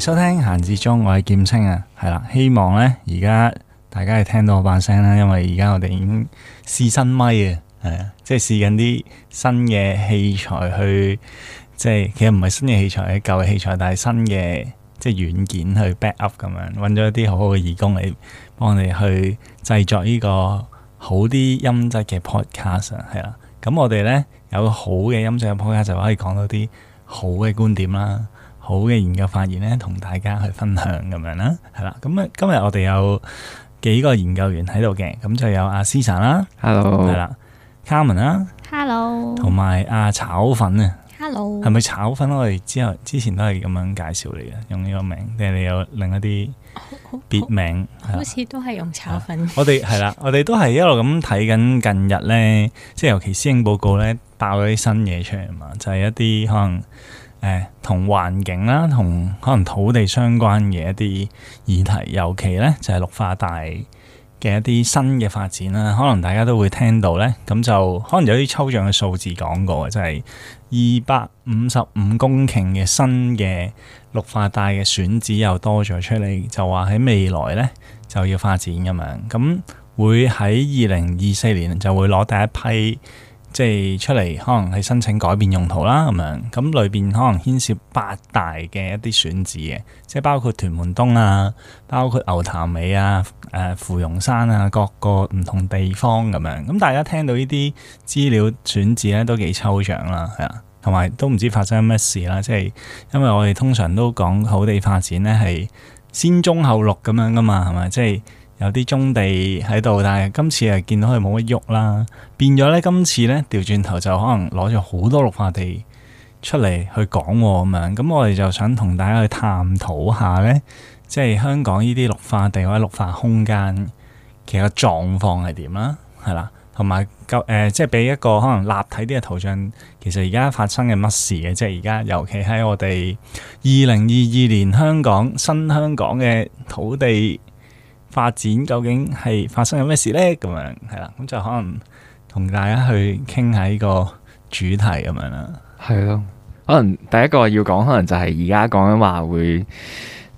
收聽閒置中，我係劍青啊，係啦，希望咧而家大家係聽到我把聲啦，因為而家我哋已經試新咪啊，誒，即係試緊啲新嘅器材去，即係其實唔係新嘅器材，係舊嘅器材，但係新嘅即係軟件去 back up 咁樣，揾咗一啲好好嘅義工嚟，幫我哋去製作呢個好啲音質嘅 podcast 啊，係啦，咁我哋咧有好嘅音質嘅 podcast，就可以講到啲好嘅觀點啦。好嘅研究發現咧，同大家去分享咁樣啦，係啦。咁啊，今日我哋有幾個研究員喺度嘅，咁就有阿 s 思晨啦，Hello，係啦，Carmen 啦，Hello，同埋阿炒粉啊，Hello，係咪炒粉？Hello. 是是炒粉，我哋之後之前都係咁樣介紹你嘅，用呢個名，定係你有另一啲別名？好似都係用炒粉的。 我哋係啦，我哋都係一路咁睇緊近日咧，即係尤其施政報告咧，爆咗啲新嘢出嚟嘛，就係、是、一啲可能。誒同、呃、環境啦，同可能土地相關嘅一啲議題，尤其呢就係、是、綠化帶嘅一啲新嘅發展啦，可能大家都會聽到呢，咁就可能有啲抽象嘅數字講過，就即係二百五十五公頃嘅新嘅綠化帶嘅選址又多咗出嚟，就話喺未來呢就要發展咁樣，咁會喺二零二四年就會攞第一批。即係出嚟可能係申請改變用途啦，咁樣咁裏邊可能牽涉八大嘅一啲選址嘅，即係包括屯門東啊，包括牛潭尾啊，誒、啊、芙蓉山啊，各個唔同地方咁樣。咁大家聽到呢啲資料選址咧都幾抽象啦，係啊，同埋都唔知發生咩事啦。即係因為我哋通常都講好地發展咧係先中後綠咁樣噶嘛，係咪？即係。有啲棕地喺度，但係今次又見到佢冇乜喐啦，變咗咧。今次咧掉轉頭就可能攞咗好多綠化地出嚟去講喎咁樣。咁我哋就想同大家去探討下咧，即係香港呢啲綠化地或者綠化空間其實狀況係點啦，係啦，同埋夠誒，即係俾一個可能立體啲嘅圖像。其實而家發生嘅乜事嘅，即係而家尤其喺我哋二零二二年香港新香港嘅土地。發展究竟係發生緊咩事呢？咁樣係啦，咁就可能同大家去傾下呢個主題咁樣啦。係咯，可能第一個要講，可能就係而家講嘅話會，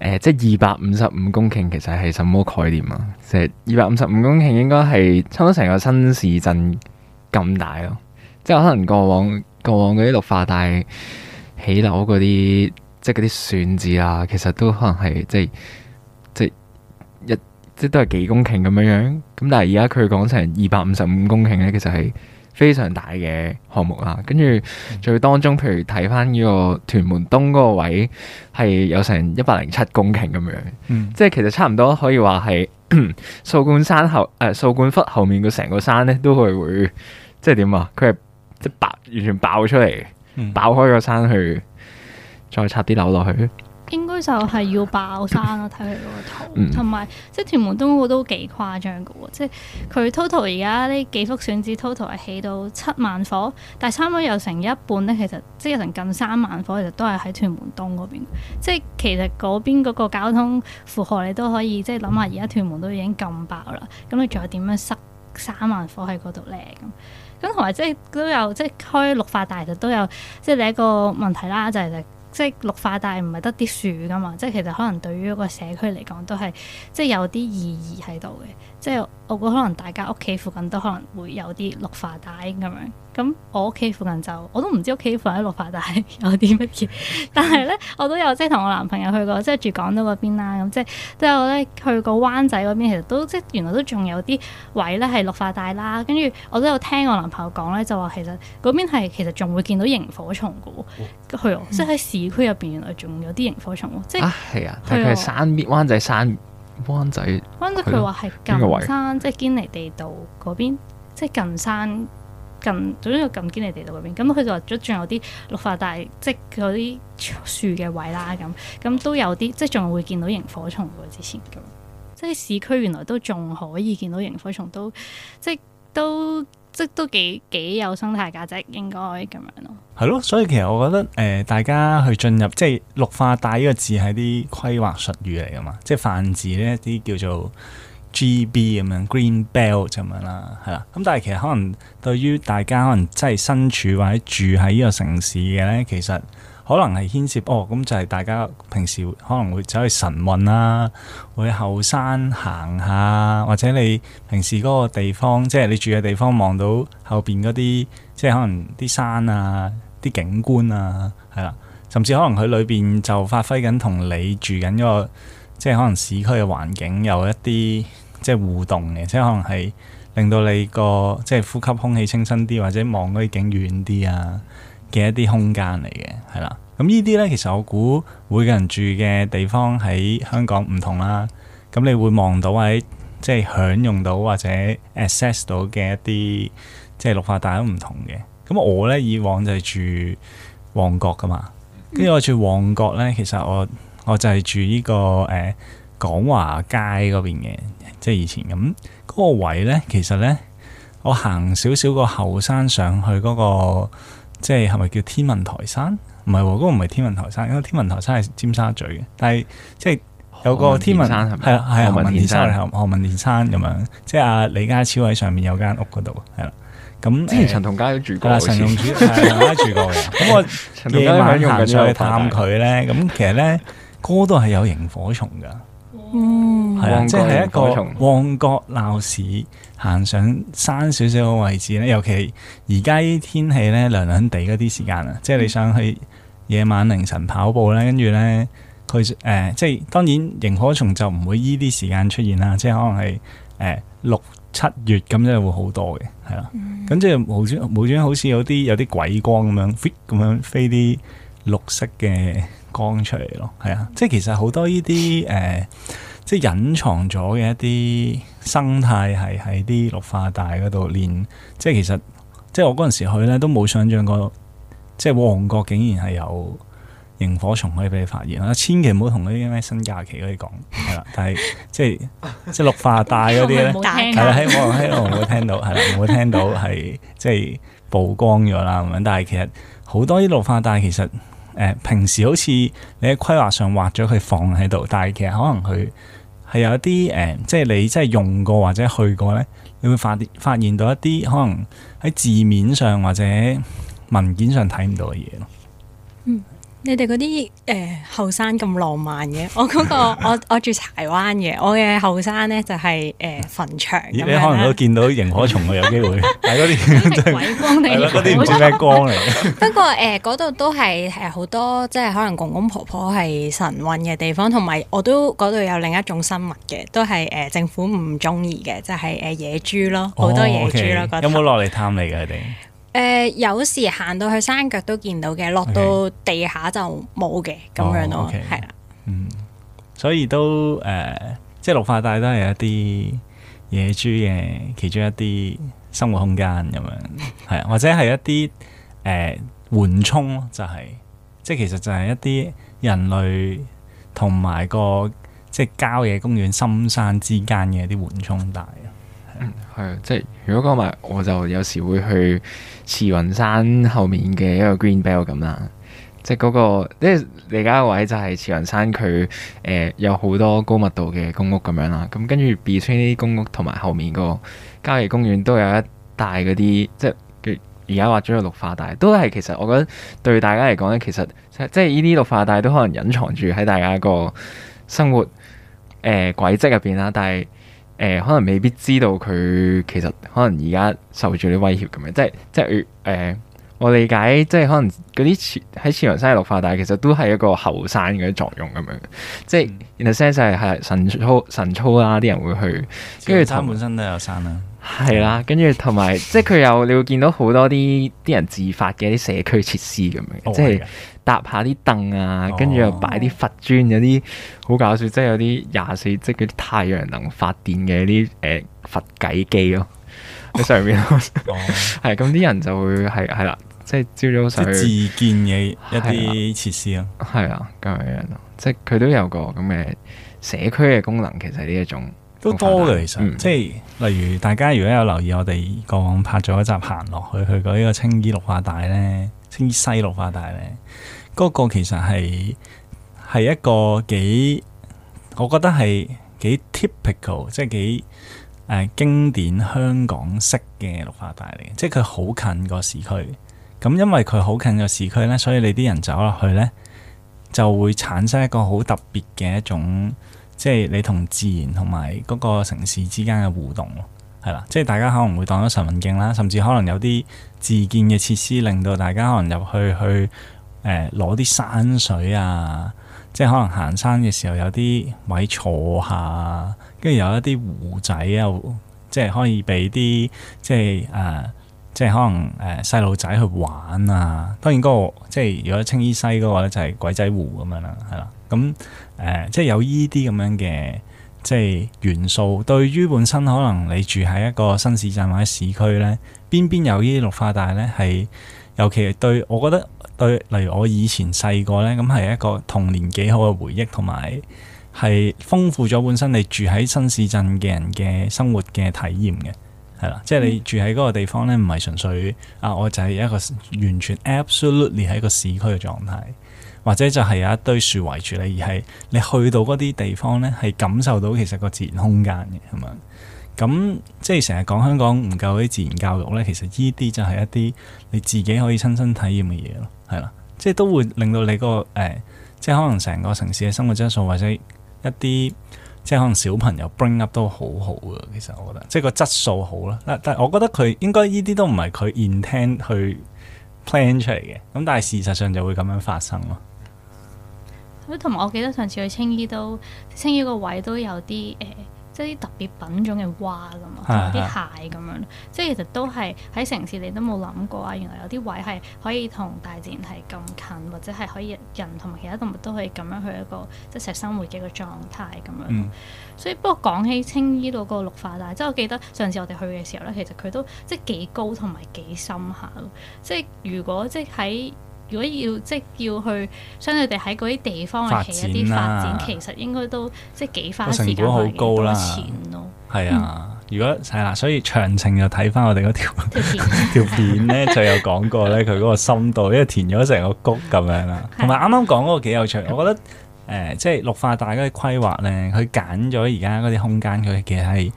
呃、即係二百五十五公頃，其實係什麼概念啊，就是？即係二百五十五公頃，應該係差唔多成個新市鎮咁大咯。即係可能過往過往嗰啲綠化帶、起樓嗰啲，即係嗰啲選址啊，其實都可能係即係。即都係幾公頃咁樣樣，咁但係而家佢講成二百五十五公頃咧，其實係非常大嘅項目啦。跟住最當中，譬如睇翻呢個屯門東嗰個位，係有成一百零七公頃咁樣，嗯、即係其實差唔多可以話係掃管笏山後誒，掃、呃、管笏後面嘅成個山咧，都係會即係點啊？佢係即係爆完全爆出嚟，爆開個山去再拆啲樓落去。應該就係要爆山啦。睇佢嗰個圖，同埋、嗯、即係屯門東嗰個都幾誇張嘅喎，即係佢 total 而家呢幾幅選址 total 係起到七萬火，但係差唔多有成一半咧，其實即係成近三萬火，其實都係喺屯門東嗰邊。即係其實嗰邊嗰個交通負荷，你都可以即係諗下，而家屯門都已經咁爆啦，咁你仲有點樣塞三萬火喺嗰度咧？咁咁同埋即係都有即係開綠化帶，亦都有即係第一個問題啦，就係、是。即係綠化，但係唔係得啲樹噶嘛，即係其實可能對於一個社區嚟講，都係即係有啲意義喺度嘅。即係我，我覺得可能大家屋企附近都可能會有啲綠化帶咁樣，咁我屋企附近就我都唔知屋企附近綠化帶有啲乜嘢，但係咧我都有即係同我男朋友去過，即係住港島嗰邊啦，咁即係都有咧去過灣仔嗰邊，其實都即係原來都仲有啲位咧係綠化帶啦，跟住我都有聽我男朋友講咧，就話其實嗰邊係其實仲會見到螢火蟲嘅喎，係啊，即係喺市區入邊原來仲有啲螢火蟲，即係啊係啊，但佢係山邊灣仔山。山灣仔，灣仔佢話係近山，即係堅尼地道嗰邊，即係近山近，總之就近堅尼地道嗰邊。咁佢就話仲有啲綠化帶，即係嗰啲樹嘅位啦。咁咁都有啲，即係仲會見到螢火蟲喎。之前咁，即係市區原來都仲可以見到螢火蟲，都即係都。即都幾幾有生態價值，應該咁樣咯。係咯， 所以其實我覺得誒、呃，大家去進入即係綠化帶呢個字係啲規劃術語嚟㗎嘛，即係泛指呢啲叫做 GB 咁樣、Green Belt 咁樣啦，係啦。咁但係其實可能對於大家可能真係身處或者住喺呢個城市嘅呢，其實。可能係牽涉哦，咁就係大家平時可能會走去晨運啦、啊，會後山行下，或者你平時嗰個地方，即係你住嘅地方望到後邊嗰啲，即係可能啲山啊、啲景觀啊，係啦，甚至可能佢裏邊就發揮緊同你住緊嗰、嗰個，即係可能市區嘅環境有一啲即係互動嘅，即係可能係令到你個即係呼吸空氣清新啲，或者望嗰啲景遠啲啊。嘅一啲空間嚟嘅，係啦。咁呢啲呢，其實我估每個人住嘅地方喺香港唔同啦。咁你會望到喺即係享用到或者 access 到嘅一啲即係綠化帶都唔同嘅。咁我呢，以往就係住旺角噶嘛，跟住我住旺角呢，其實我我就係住呢、這個誒、呃、廣華街嗰邊嘅，即、就、係、是、以前咁嗰個位呢，其實呢，我行少少個後山上去嗰、那個。即係係咪叫天文台山？唔係喎，嗰個唔係天文台山，因為天文台山係尖沙咀嘅。但係即係有個天文山係啊，何文田山，何文田山咁樣。即係阿李家超喺上面有間屋嗰度，係啦。咁之前陳同佳都住過。係陳同佳住過嘅。咁我夜晚行去探佢咧，咁其實咧哥都係有螢火蟲㗎。嗯，係啊，即係一個旺角鬧市。行上山少少嘅位置咧，尤其而家啲天氣咧涼涼地嗰啲時間啊，即係你上去夜晚凌晨跑步咧，跟住咧佢誒，即係當然螢火蟲就唔會依啲時間出現啦，即係可能係誒六七月咁、嗯、即係會好多嘅，係啦。咁即係無端無端好似有啲有啲鬼光咁樣咁樣飛啲綠色嘅光出嚟咯，係啊，即係、嗯、其實好多依啲誒。呃即係隱藏咗嘅一啲生態係喺啲綠化帶嗰度，連即係其實即係我嗰陣時去咧都冇想象過，即係旺角竟然係有螢火蟲可以俾你發現啦！千祈唔好同嗰啲咩新假期嗰啲講，係啦， 但係即係即係綠化帶嗰啲咧，係啦喺旺，喺旺冇聽到，係冇 聽到係即係曝光咗啦咁樣。但係其實好多啲綠化帶其實誒、呃、平時好似你喺規劃上畫咗佢放喺度，但係其實可能佢，係有一啲誒、呃，即係你真係用過或者去過咧，你會發發現到一啲可能喺字面上或者文件上睇唔到嘅嘢咯。你哋嗰啲誒後山咁浪漫嘅，我嗰、那個、我我住柴灣嘅，我嘅後山咧就係、是、誒、呃、墳場，你可能都見到螢火蟲啊，有機會。係嗰啲光啲唔知咩光嚟。不過誒，嗰、呃、度都係係好多，即係可能公公婆婆係晨運嘅地方，同埋我都嗰度有另一種生物嘅，都係誒、呃、政府唔中意嘅，就係、是、誒野豬咯，好多野豬咯。哦、okay, 有冇落嚟探你嘅佢哋？ 誒、呃，有時行到去山腳都見到嘅，落到地下就冇嘅咁樣咯，係啦、oh, okay. 的。嗯，所以都誒、呃，即係綠化帶都係一啲野豬嘅其中一啲生活空間咁樣，係啊， 或者係一啲誒緩衝就係、是、即係其實就係一啲人類同埋個即係郊野公園、深山之間嘅一啲緩衝帶。即係如果講、那、埋、個，我就有時會去慈雲山後面嘅一個 Green Belt 咁啦，即係、那、嗰個，即係而家個位就係慈雲山，佢、呃、誒有好多高密度嘅公屋咁樣啦，咁跟住 Between 呢啲公屋同埋後面個郊野公園都有一帶嗰啲，即佢而家話咗個綠化帶，都係其實我覺得對大家嚟講咧，其實即係呢啲綠化帶都可能隱藏住喺大家一個生活誒、呃、軌跡入邊啦，但係，誒、呃、可能未必知道佢其實可能而家受住啲威脅咁樣，即係即係誒、呃、我理解，即係可能嗰啲喺朝陽山嘅綠化帶其實都係一個後山嘅作用咁樣，即係 in a sense 係神操，神操啦，啲人會去跟住佢本身都有山啦。係啦，跟住同埋，即係佢又你會見到好多啲啲人自發嘅啲社區設施咁樣，哦、即係搭下啲凳啊，跟住、哦、又擺啲佛磚，有啲好搞笑，即係有啲廿四即係嗰啲太陽能發電嘅啲誒佛偈機咯，喺、啊、上面。係咁啲人就會係，係啦，即係朝早上去自建嘅一啲設施咯，係啊咁樣樣咯，即係佢都有個咁嘅社區嘅功能，其實呢一種。都多嘅，其實，嗯、即係例如大家如果有留意我哋過往拍咗一集行落去，去過呢個青衣綠化帶咧，青衣西綠化帶咧，嗰、那個其實係係一個幾，我覺得係幾 typical，即係幾誒、呃、經典香港式嘅綠化帶嚟嘅，即係佢好近個市區。咁因為佢好近個市區咧，所以你啲人走落去咧，就會產生一個好特別嘅一種。即係你同自然同埋嗰個城市之間嘅互動咯，係啦。即係大家可能會當咗晨運徑啦，甚至可能有啲自建嘅設施，令到大家可能入去去誒攞啲山水啊，即係可能行山嘅時候有啲位坐下，跟住有一啲湖仔又、啊、即係可以俾啲即係誒、呃、即係可能誒呃、細路仔去玩啊。當然嗰、嗰個即係如果青衣西嗰個咧就係鬼仔湖咁樣啦，係啦。咁誒、呃，即係有依啲咁樣嘅即係元素，對於本身可能你住喺一個新市鎮或者市區咧，邊邊有依啲綠化帶咧，係尤其對我覺得對，例如我以前細個咧，咁係一個童年幾好嘅回憶，同埋係豐富咗本身你住喺新市鎮嘅人嘅生活嘅體驗嘅，係啦，即係你住喺嗰個地方咧，唔係純粹啊，我就係一個完全 absolutely 喺一個市區嘅狀態。或者就係有一堆樹圍住你，而係你去到嗰啲地方咧，係感受到其實個自然空間嘅係嘛。咁即係成日講香港唔夠啲自然教育咧，其實依啲就係一啲你自己可以親身體驗嘅嘢咯，係啦，即係都會令到你個誒、呃，即係可能成個城市嘅生活質素或者一啲即係可能小朋友 bring up 都好好嘅。其實我覺得即係個質素好啦。嗱，但係我覺得佢應該依啲都唔係佢 intend 去 plan 出嚟嘅，咁但係事實上就會咁樣發生咯。同埋，我記得上次去青衣都，青衣個位都有啲誒、呃，即係啲特別品種嘅蛙咁啊，仲有啲蟹咁樣，即係其實都係喺城市你都冇諗過啊，原來有啲位係可以同大自然係咁近，或者係可以人同埋其他動物都可以咁樣去一個即係生活嘅一個狀態咁樣。嗯、所以不過講起青衣度個綠化帶，即係我記得上次我哋去嘅時候咧，其實佢都即係幾高同埋幾深下。即係如果即係喺如果要即係要去，相對地喺嗰啲地方去起一啲發展，發展其實應該都即係幾花好高啦。揀錢咯、啊。係、嗯、啊，如果係啦、啊，所以詳情就睇翻我哋嗰條、嗯、 條片咧，就有講過咧，佢嗰 個深度，因為填咗成個谷咁樣啦。同埋啱啱講嗰個幾有趣， 我覺得誒、呃，即係綠化帶嗰啲規劃咧，佢揀咗而家嗰啲空間，佢其實係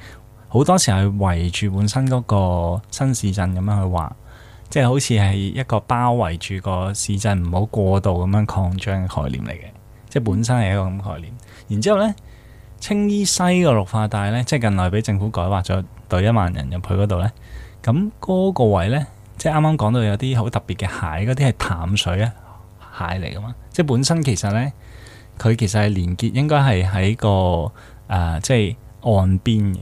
好多時候圍住本身嗰個新市鎮咁樣去畫。即係好似係一個包圍住個市鎮，唔好過度咁樣擴張嘅概念嚟嘅。即係本身係一個咁概念。然之後呢，青衣西個綠化帶呢，即係近來俾政府改劃咗，對一萬人入去嗰度呢。咁嗰個位呢，即係啱啱講到有啲好特別嘅蟹，嗰啲係淡水啊蟹嚟㗎嘛。即係本身其實呢，佢其實係連結應該，應該係喺個誒即係岸邊嘅。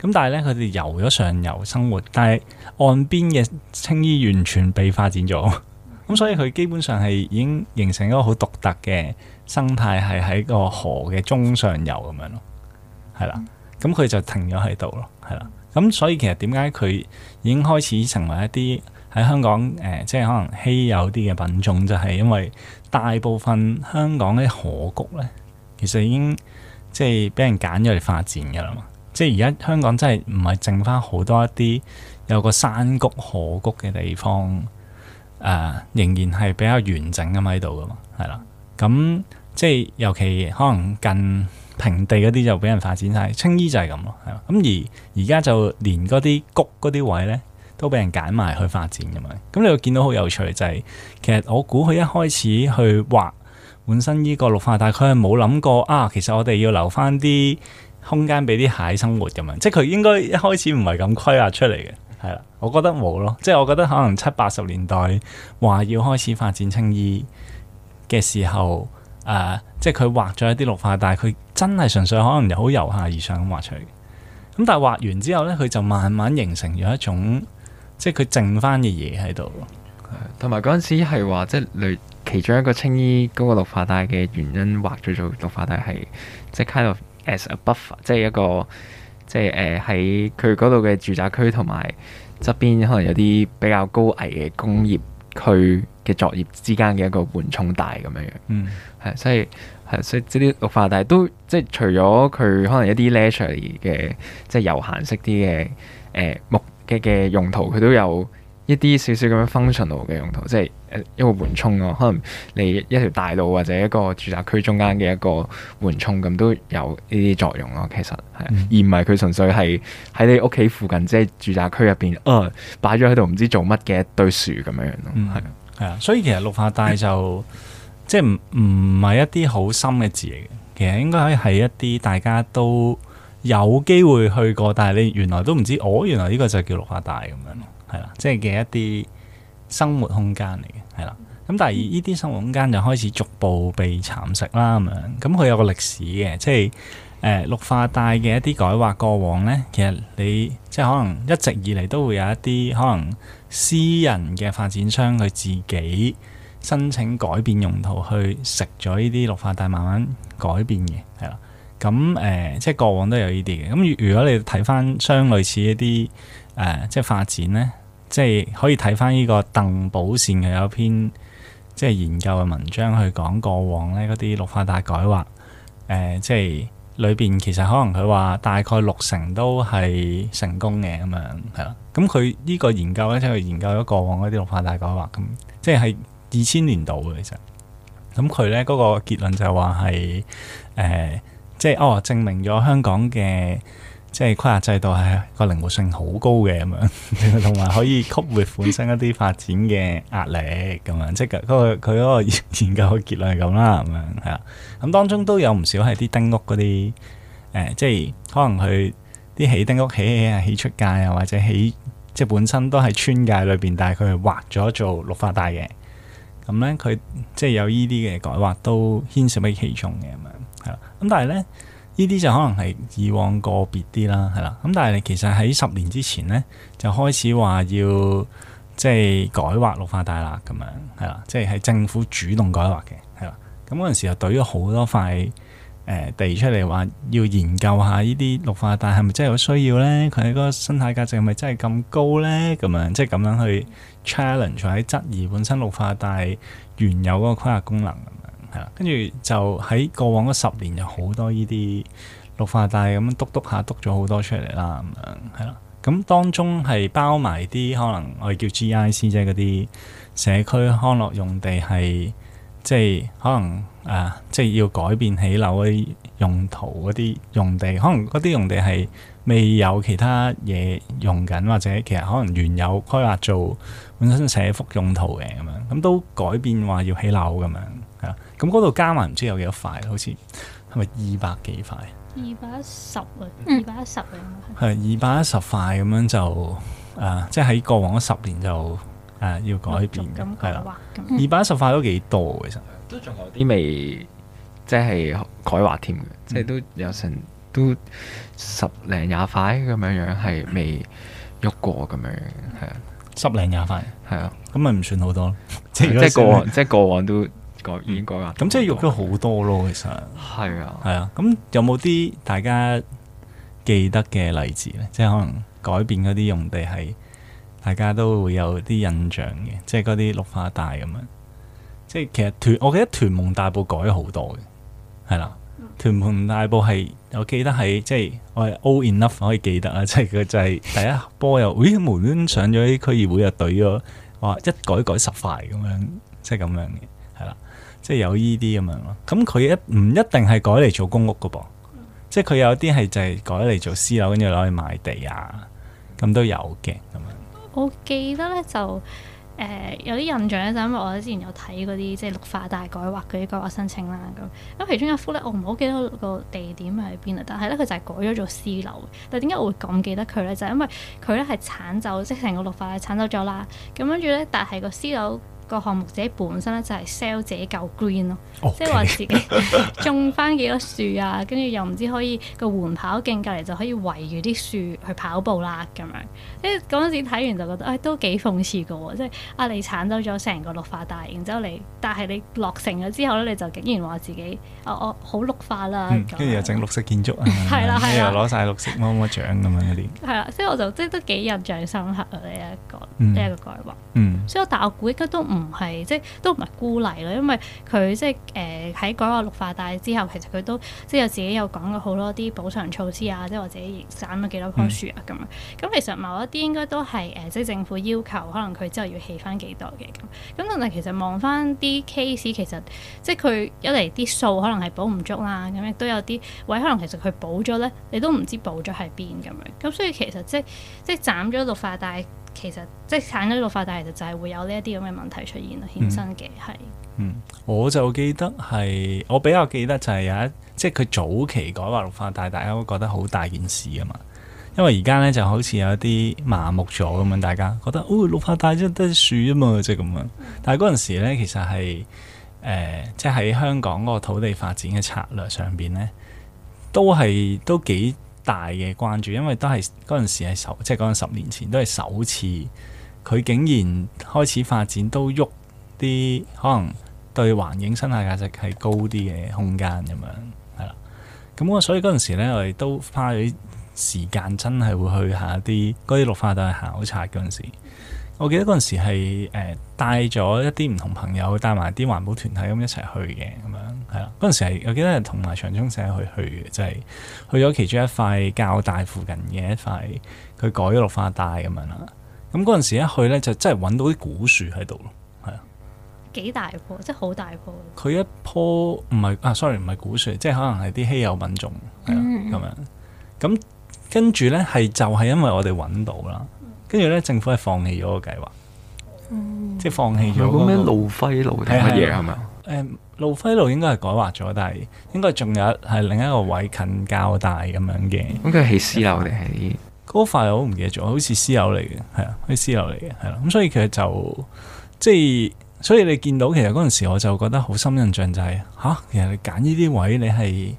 咁但係咧，佢哋遊咗上游生活，但係岸邊嘅青衣完全被發展咗，咁 所以佢基本上係已經形成一個好獨特嘅生態，係喺個河嘅中上游咁樣咯，係啦。咁佢就停咗喺度咯，係啦。咁所以其實點解佢已經開始成為一啲喺香港誒，即係可能稀有啲嘅品種，就係因為大部分香港啲河谷咧，其實已經即係俾人揀咗嚟發展噶啦嘛。即係而家香港真係唔係剩翻好多一啲有個山谷河谷嘅地方，誒、呃、仍然係比較完整咁喺度噶嘛，係啦。咁、嗯、即係尤其可能近平地嗰啲就俾人發展晒，青衣就係咁咯，係嘛。咁、嗯、而而家就連嗰啲谷嗰啲位咧都俾人揀埋去發展噶嘛。咁、嗯、你會見到好有趣就係、是，其實我估佢一開始去畫本身呢個綠化帶，佢係冇諗過啊，其實我哋要留翻啲空間俾啲蟹生活咁樣，即係佢應該一開始唔係咁規劃出嚟嘅，係啦，我覺得冇咯，即係我覺得可能七八十年代話要開始發展青衣嘅時候，誒、呃，即係佢畫咗一啲綠化帶，佢真係純粹可能好由下而上咁畫出嚟，咁但係畫完之後呢，佢就慢慢形成咗一種即係佢剩返嘅嘢喺度，同埋嗰陣時係話即係其中一個青衣嗰個綠化帶嘅原因畫咗做綠化帶係即係 kind of 作為一 b u f e 即係一個即係，誒，喺佢嗰度嘅住宅區同埋側邊可能有啲比較高危嘅工業區嘅作業之間嘅一個緩衝帶咁樣樣，嗯，係，所以係，所以即啲綠化帶都即係除咗佢可能一啲 l i t e r a 嘅即係遊閒式啲嘅誒木嘅嘅用途，佢都有。一啲少少咁樣 function 路嘅用途，即係一個緩衝咯。可能你一條大路或者一個住宅區中間嘅一個緩衝咁，都有呢啲作用咯。其實係、嗯、而唔係佢純粹係喺你屋企附近，即係住宅區入邊，呃擺咗喺度，唔知做乜嘅一堆樹咁樣樣咯。係係啊，所以其實綠化帶就、嗯、即係唔唔係一啲好深嘅字嚟嘅。其實應該係係一啲大家都有機會去過，但係你原來都唔知，哦原來呢個就叫綠化帶咁樣咯。係啦，即係嘅一啲生活空間嚟嘅，係啦。咁但係呢啲生活空間就開始逐步被蠶食啦，咁樣。咁佢有個歷史嘅，即係誒、呃、綠化帶嘅一啲改劃過往呢，其實你即係可能一直以嚟都會有一啲可能私人嘅發展商佢自己申請改變用途去食咗呢啲綠化帶，慢慢改變嘅，係啦。咁、嗯、誒、呃，即係過往都有呢啲嘅。咁如果你睇翻相類似一啲誒、呃、即係發展呢。即係可以睇翻呢個鄧寶善嘅有篇即係研究嘅文章，去講過往咧啲綠化帶改劃，誒即係裏邊其實可能佢話大概六成都係成功嘅咁樣，係啦。咁佢呢個研究咧，即係去研究咗過往嗰啲綠化帶改劃，咁即係係二千年度嘅其實。咁佢咧嗰個結論就係話係誒即係哦證明咗香港嘅。即係規劃制度係個靈活性好高嘅咁樣，同 埋可以吸匯本身一啲發展嘅壓力咁 樣，即係佢佢嗰個研究結論係咁啦咁樣，係啦。咁、嗯、當中都有唔少係啲丁屋嗰啲，誒、呃，即係可能佢啲起丁屋起啊起出界啊，或者起即係本身都係村界裏邊，但係佢劃咗做綠化帶嘅。咁、嗯、咧，佢即係有依啲嘅改劃都牽涉喺其中嘅咁樣，係啦。咁但係咧。呢啲就可能係以往個別啲啦，係啦。咁但係你其實喺十年之前咧，就開始話要即係改劃綠化帶啦，咁樣係啦，即係係政府主動改劃嘅，係啦。咁嗰陣時又懟咗好多塊誒、呃、地出嚟，話要研究下呢啲綠化帶係咪真係有需要咧？佢嗰個生態價值係咪真係咁高咧？咁樣即係咁樣去 challenge 喺質疑本身綠化帶原有嗰個規劃功能咁。跟住就喺過往嗰十年有讀一讀一讀，有好多呢啲綠化帶咁督篤下督咗好多出嚟啦，咁樣係啦。咁當中係包埋啲可能我哋叫 GIC 啫，嗰啲社區康樂用地係即係可能誒、啊，即係要改變起樓嗰啲用途嗰啲用地，可能嗰啲用地係未有其他嘢用緊，或者其實可能原有規劃做本身社福用途嘅咁樣，咁都改變話要起樓咁樣。咁嗰度加埋唔知有幾多塊，好似係咪二百幾塊？二百一十啊，二百一十啊，係二百一十塊咁樣就誒，即係喺過往十年就誒要改變，係啦，咁。二百一十塊都幾多其實？都仲有啲未即係改劃添嘅，即係都有成都十零廿塊咁樣樣係未喐過咁樣樣，係啊，十零廿塊係啊，咁咪唔算好多。即係過往，即係過往都。已經改咁，即係用咗好多咯，其實係啊，係啊，咁有冇啲大家記得嘅例子咧？即係可能改變嗰啲用地係，大家都會有啲印象嘅，即係嗰啲綠化帶咁樣。即係其實屯，我記得屯門大埔改咗好多嘅，係啦、啊，屯門大埔係，我記得係即係我係 old enough 可以記得啊。即係佢就係第一波又，咦無端上咗啲區議會又懟咗，話一改改改十塊咁樣，即係咁樣嘅。即係有依啲咁樣咯，咁佢一唔一定係改嚟做公屋噶噃，嗯、即係佢有啲係就係改嚟做私樓，跟住攞去賣地啊，咁都有嘅咁樣。我記得咧就誒、呃、有啲印象咧，就因為我之前有睇嗰啲即係綠化大改劃嗰啲改劃申請啦咁，咁其中一幅咧，我唔好記得個地點喺邊啊，但係咧佢就係改咗做私樓。但係點解我會咁記得佢咧？就係、因為佢咧係剷走即成、就係、個綠化咧剷走咗啦，咁跟住咧，但係個私樓。個項目自己本身咧就係 sell 自己嚿 green 咯，即係話自己種翻幾多樹啊，跟住又唔知可以個緩跑徑隔離就可以圍住啲樹去跑步啦咁樣。即係嗰陣時睇完就覺得，誒都幾諷刺㗎喎！即係啊，你剷走咗成個綠化帶，然之後你，但係你落成咗之後咧，你就竟然話自己，哦、啊，我好綠化啦，跟住又整綠色建築啊，跟住又攞晒綠色乜乜獎咁樣嗰啲。係啦，所以我就即係都幾印象深刻啊！呢一個呢一個計劃，嗯嗯、所以我大我估應該都唔。唔係，即係都唔係孤例啦，因為佢即係誒喺嗰個綠化帶之後，其實佢都即係有自己有講過好多啲補償措施啊，即係我自己斬咗幾多棵樹啊咁、嗯、樣。咁其實某一啲應該都係誒，即、呃、係政府要求，可能佢之後要起翻幾多嘅咁。咁但係其實望翻啲 case，其實即係佢一嚟啲數可能係補唔足啦，咁亦都有啲位可能其實佢補咗咧，你都唔知補咗喺邊咁樣。咁所以其實即係即係斬咗綠化帶，其實即係斬咗綠化帶，其實就係會有呢一啲咁嘅問題。出現啊，衍生嘅係，嗯，我就記得係，我比較記得就係有一，即係佢早期改劃綠化帶，大家都覺得好大件事啊嘛，因為而家咧就好似有啲麻木咗咁樣，大家覺得，哦，綠化帶即係得樹啊嘛，即係咁樣，但係嗰陣時咧，其實係，誒、呃，即係喺香港嗰個土地發展嘅策略上邊咧，都係都幾大嘅關注，因為都係嗰陣時係首，即係嗰十年前都係首次。佢竟然開始發展都喐啲可能對環境生態價值係高啲嘅空間咁樣，係啦。咁我所以嗰陣時咧，我哋都花咗時間，真係會去一下啲嗰啲綠化帶考察嗰陣時。我記得嗰陣時係誒、呃、帶咗一啲唔同朋友，帶埋啲環保團體咁一齊去嘅，咁樣係啦。嗰陣時係我記得係同埋長春社去去，嘅，就係、是、去咗其中一塊較大附近嘅一塊，佢改咗綠化帶咁樣啦。咁嗰陣時一去咧，就真係揾到啲古樹喺度咯，係啊，幾大棵，即係好大棵。佢一棵唔係啊，sorry 唔係古樹，即係可能係啲稀有品種，係啊咁樣。咁跟住咧係就係因為我哋揾到啦，跟住咧政府係放棄咗個計劃，嗯、即係放棄咗嗰、嗰個路輝路乜嘢係咪啊？路、嗯、輝路應該係改劃咗，但係應該仲有係另一個位近交大咁樣嘅。咁佢係私樓定係？嗯嗰塊我唔記得咗，好似私有嚟嘅，係啊，好似私有嚟嘅係啦。咁所以其實就即係，所以你見到其實嗰陣時，我就覺得好深印象就係、是、吓、啊，其實你揀呢啲位你，你係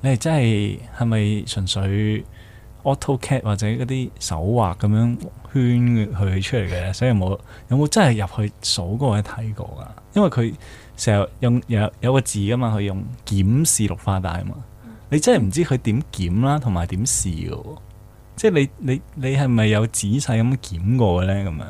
你係真係係咪純粹 AutoCAD 或者嗰啲手畫咁樣圈佢出嚟嘅？所以冇有冇真係入去數過睇過噶？因為佢成日用有有個字噶嘛，佢用檢視綠化帶嘛。你真係唔知佢點檢啦，同埋點試嘅。即係你你你係咪有仔細咁檢過嘅咧？咁樣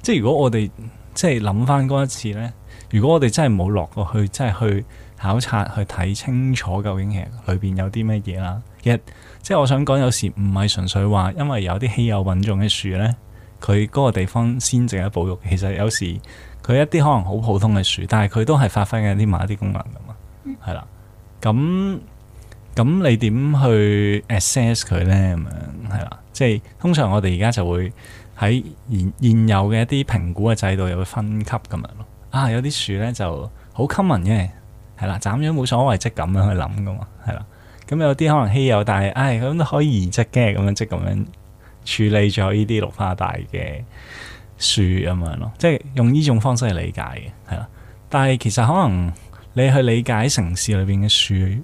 即係如果我哋即係諗翻嗰一次咧，如果我哋真係冇落過去，即係去考察去睇清楚究竟其實裏邊有啲乜嘢啦。其實即係我想講，有時唔係純粹話，因為有啲稀有品種嘅樹咧，佢嗰個地方先值得保育。其實有時佢一啲可能好普通嘅樹，但係佢都係發揮緊啲某一啲功能㗎嘛。係啦、嗯，咁。咁你點去 assess 佢呢？咁樣係啦，即係通常我哋而家就會喺現現有嘅一啲評估嘅制度入去分級咁樣咯。啊，有啲樹咧就好 common 嘅係啦，斬咗冇所謂，即係咁樣去諗噶嘛，係啦。咁有啲可能稀有，但係唉，咁、哎、都可以移植嘅，咁樣即係咁樣處理咗呢啲綠化帶嘅樹咁樣咯。即係用呢種方式去理解嘅係啦，但係其實可能你去理解城市裏邊嘅樹。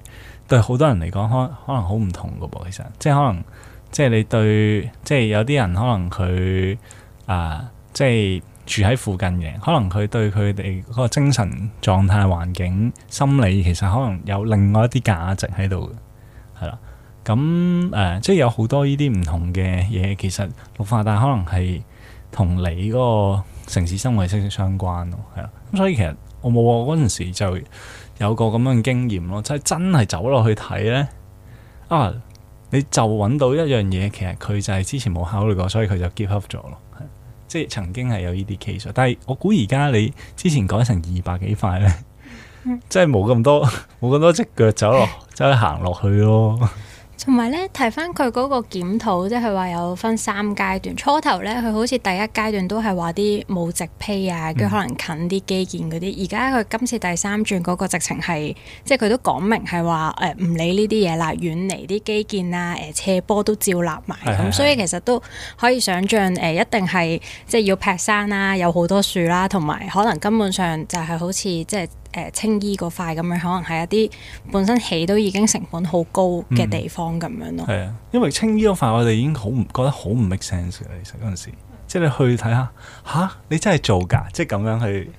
對好多人嚟講，可可能好唔同噶噃，其實即係可能，即係你對，即係有啲人可能佢啊，即係住喺附近嘅，可能佢、呃、對佢哋嗰個精神狀態、環境、心理，其實可能有另外一啲價值喺度，係啦。咁、嗯、誒、呃，即係有好多呢啲唔同嘅嘢，其實綠化帶可能係同你嗰個城市生活係息息相關咯，係啊。咁所以其實我冇啊，嗰陣時就，有個咁樣經驗咯，即係真係走落去睇咧啊！你就揾到一樣嘢，其實佢就係之前冇考慮過，所以佢就 give up 咗咯。即係曾經係有呢啲 case，但係我估而家你之前改成二百幾塊咧，即係冇咁多冇咁多隻腳走落，即係行落去咯。同埋咧，提翻佢嗰個檢討，即係佢話有分三階段。初頭咧，佢好似第一階段都係話啲冇直披啊，跟住、嗯、可能近啲基建嗰啲。而家佢今次第三轉嗰個直情係，即係佢都講明係話誒唔理呢啲嘢啦，遠離啲基建啊誒斜坡都照立埋咁。嗯、所以其實都可以想象誒、呃，一定係即係要劈山啦、啊，有好多樹啦、啊，同埋可能根本上就係好似即係。就是青、呃、衣嗰塊咁樣，可能係一啲本身起都已經成本好高嘅地方咁樣咯。係啊、嗯，因為青衣嗰塊我哋已經好唔覺得好唔 make sense 嘅，其實嗰陣時，即係你去睇下，吓、啊、你真係做噶即係咁樣去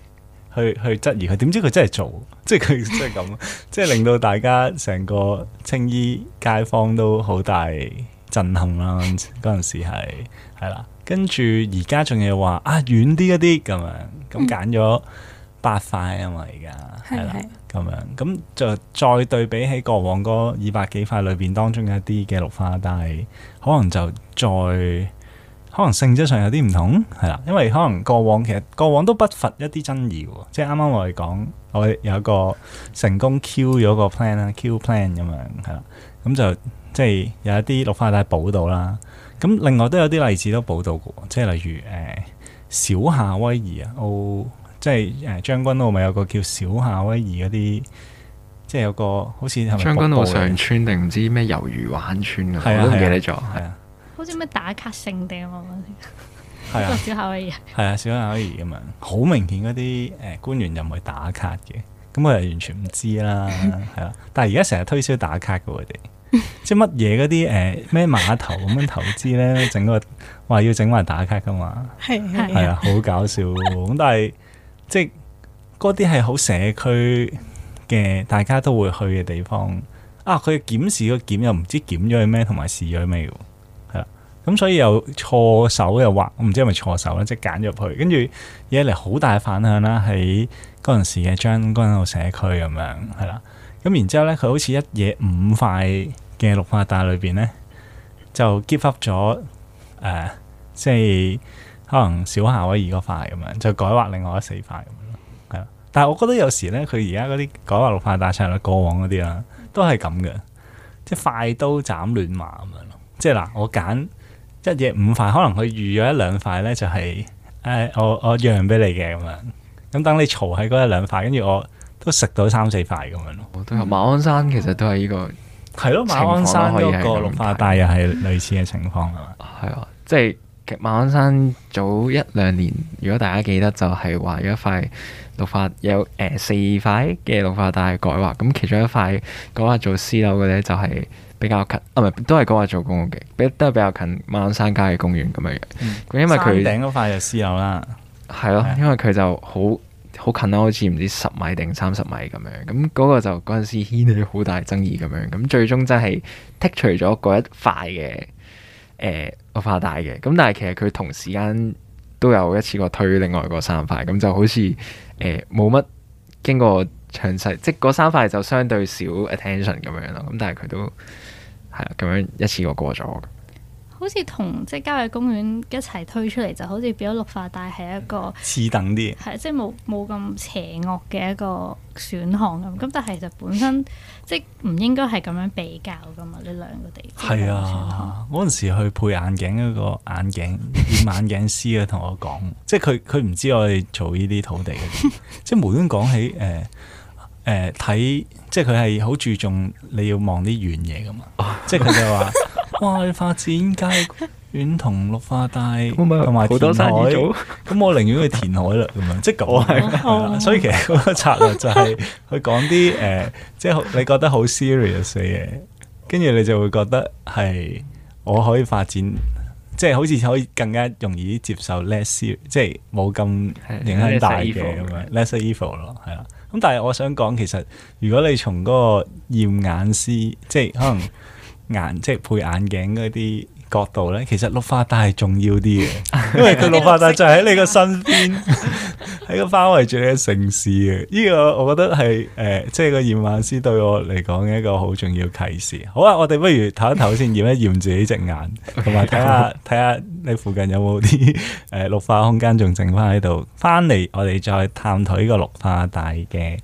去去質疑佢，點知佢真係做，即係佢真係咁， 即係令到大家成個青衣街坊都好大震撼啦。嗰陣時係係啦，跟住而家仲要話啊遠啲一啲咁樣，咁揀咗。嗯八塊啊嘛，而家係啦，咁的樣咁就再對比起過往嗰二百幾塊裏邊當中嘅一啲嘅綠化帶，可能就再可能性質上有啲唔同係啦，因為可能過往其實過往都不乏一啲爭議喎，即係啱啱我哋講我哋有一個成功 Q 咗個 plan 啦 Q plan 咁樣係啦，咁就即係有一啲綠化帶補到啦，咁另外都有啲例子都補到嘅，即係例如誒、呃、小夏威夷啊，O。澳即係誒，將軍澳咪有個叫小夏威夷嗰啲，即係有個好似將軍澳上村定唔知咩魷魚灣村啊，我都唔記得咗，係啊，好似咩打卡聖地咁啊，係啊，啊，小夏威夷，係啊，小夏威夷咁啊，好明顯嗰啲誒官員又唔去打卡嘅，咁我又完全唔知啦，係 啊，但係而家成日推銷打卡噶，佢哋 即係乜嘢嗰啲誒咩碼頭咁樣投資咧，整個話要整埋打卡噶嘛，係係 啊，好搞笑咁，但係。即係嗰啲係好社區嘅，大家都會去嘅地方。啊，佢檢視個檢又唔知檢咗去咩，同埋試咗咩喎？係啦，咁所以又錯手又話我唔知係咪錯手咧？即係揀咗入去，跟住惹嚟好大反響啦。喺嗰陣時嘅將軍澳、那個、社區咁樣，係啦。咁然之後咧，佢好似一嘢五塊嘅綠化帶裏邊咧，就 keep 咗誒、呃，即係。可能小下可以二塊咁樣，就改劃另外一四塊咁樣咯，係啦。但係我覺得有時咧，佢而家嗰啲改劃六塊大場啦，過往嗰啲啦，都係咁嘅，即係快刀斬亂麻咁樣咯。即係嗱，我揀一夜五塊，可能佢預咗一兩塊咧、就是，就係誒我我讓俾你嘅咁樣，咁等你嘈喺嗰一兩塊，跟住我都食到三四塊咁樣咯。都、哦、馬鞍山其實都係呢個，係咯、哦，馬鞍山嗰個綠化帶又係類似嘅情況 啊嘛，係啊，即係。馬鞍山早一兩年，如果大家記得就係、是、話有一塊綠化有誒、呃、四塊嘅綠化帶改劃，咁其中一塊講話做私樓嘅咧，就係、是、比較近，啊唔係都係講話做公屋嘅，比都係比較近馬鞍山街嘅公園咁樣樣。咁因為佢山頂嗰塊就私樓啦，係咯，因為佢就好好近啦，好似唔知十米定三十米咁樣。咁嗰個就嗰陣、那個、時掀起好大爭議咁樣，咁最終真係剔除咗嗰一塊嘅誒。呃我化大嘅，咁但係其實佢同時間都有一次過推另外嗰三塊，咁就好似誒冇乜經過詳細，即係嗰三塊就相對少 attention 咁樣咯，咁但係佢都係啊，咁樣一次過過咗。好似同即係郊野公園一齊推出嚟，就好似變咗綠化帶係一個次等啲，係即係冇冇咁邪惡嘅一個選項咁。咁但係就本身即係唔應該係咁樣比較噶嘛，呢兩個地方。係啊，我嗰陣時去配眼鏡嗰個眼鏡驗眼鏡師啊，同 我講，即係佢佢唔知我哋做呢啲土地嘅， 即係無端端講起誒。呃誒、睇、呃、即係佢係好注重你要望啲遠嘢噶嘛？ 即係佢就話哇，你發展街、遠同綠化帶，同埋好多山咁、嗯、我寧願去填海啦，咁樣即係我係。所以其實嗰個策略就係去講啲誒，即係你覺得好 serious 嘅嘢，跟住你就會覺得係我可以發展，即、就、係、是、好似可以更加容易接受 less serious，即係冇咁影響大嘅咁樣，less evil 咯樣，係啦。 咁但係我想講，其實如果你從嗰個驗眼師，即係可能眼 即係配眼鏡嗰啲角度咧，其實綠化帶係重要啲嘅， 因為佢綠化帶就喺你身邊 個身邊，喺個包圍住你嘅城市嘅。呢、這個我覺得係誒、呃，即係個葉曼詩對我嚟講嘅一個好重要啟示。好啊，我哋不如唞一唞先，驗一驗自己隻眼，同埋睇下睇下你附近有冇啲誒綠化空間仲剩翻喺度。翻嚟，我哋再探討呢個綠化帶嘅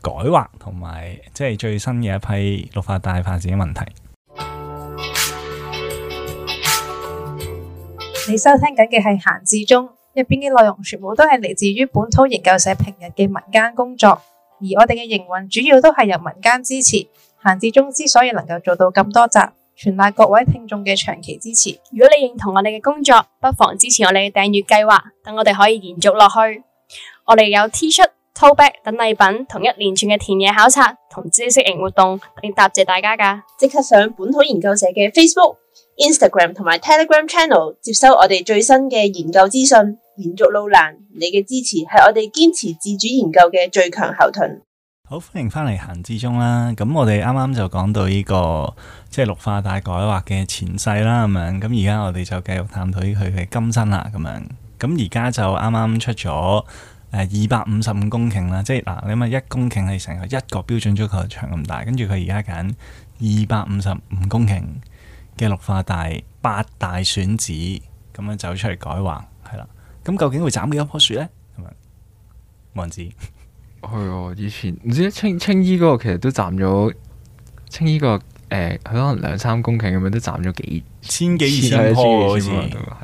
改劃，同埋即係最新嘅一批綠化帶發展嘅問題。你收聽緊嘅係閒置中，入邊嘅內容全部都係嚟自於本土研究社平日嘅民間工作，而我哋嘅營運主要都係由民間支持。閒置中之所以能夠做到咁多集，全賴各位聽眾嘅長期支持。如果你認同我哋嘅工作，不妨支持我哋嘅訂閱計劃，等我哋可以延續落去。我哋有 T 恤、t 出、tote bag 等禮品，同一連串嘅田野考察同知識型活動，嚟答謝大家㗎。即刻上本土研究社嘅 Facebook。Instagram 同埋 Telegram Channel 接收我哋最新嘅研究資訊，延續路難，你嘅支持係我哋堅持自主研究嘅最強後盾。好，歡迎翻嚟行之中啦。咁我哋啱啱就講到呢、這個即係綠化帶改劃嘅前世啦，咁樣咁而家我哋就繼續探討佢嘅今生啦，咁樣咁而家就啱啱出咗誒二百五十五公頃啦，即係嗱、啊、你咪一公頃係成個一個標準足球場咁大，跟住佢而家揀二百五十五公頃。嘅綠化帶八大選址咁樣走出嚟改劃，係啦。咁究竟會斬幾多棵樹咧？咁啊，冇人知，係啊、 嗯。以前唔知青青衣嗰個其實都斬咗青衣、嗰個誒，佢、呃、可能兩三公頃咁樣都斬咗幾千幾千棵千，好似係啊，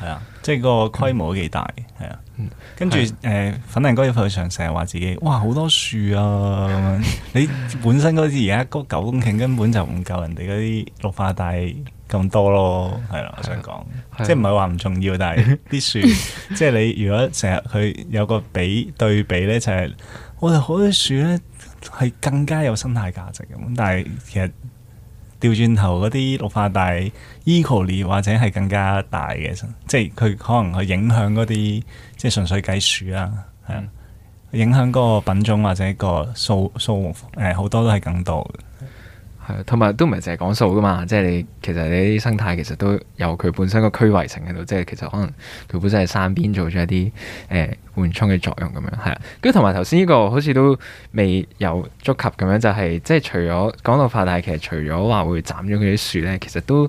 係啊的。次即係個規模都幾大，係、嗯、啊，跟住著誒、啊呃，粉嶺高球場，成日話自己哇好多樹啊！ 你本身嗰啲而家九公頃根本就唔夠人哋嗰啲綠化帶咁多咯，係啦、啊，我想講，啊啊啊、即係唔係話唔重要，但係啲樹，即係 你如果成日去有個比對比咧，就係、是、我哋好多樹咧係更加有生態價值咁，但係其實。調轉頭嗰啲氯化大 e q u a l e 或者係更加大嘅，即係佢可能去影響嗰啲，即係純粹計數啊，嗯、影響個品種或者個數數，誒好、呃、多都係更多。同埋都唔係淨係講數噶嘛，即係你其實你啲生態其實都有佢本身個區域性喺度，即係其實可能佢本身喺山邊做咗一啲誒緩衝嘅作用咁樣，係啊。跟住同埋頭先呢個好似都未有觸及咁樣，就係、是、即係除咗講到幅，大，其實除咗話會斬咗佢啲樹咧，其實都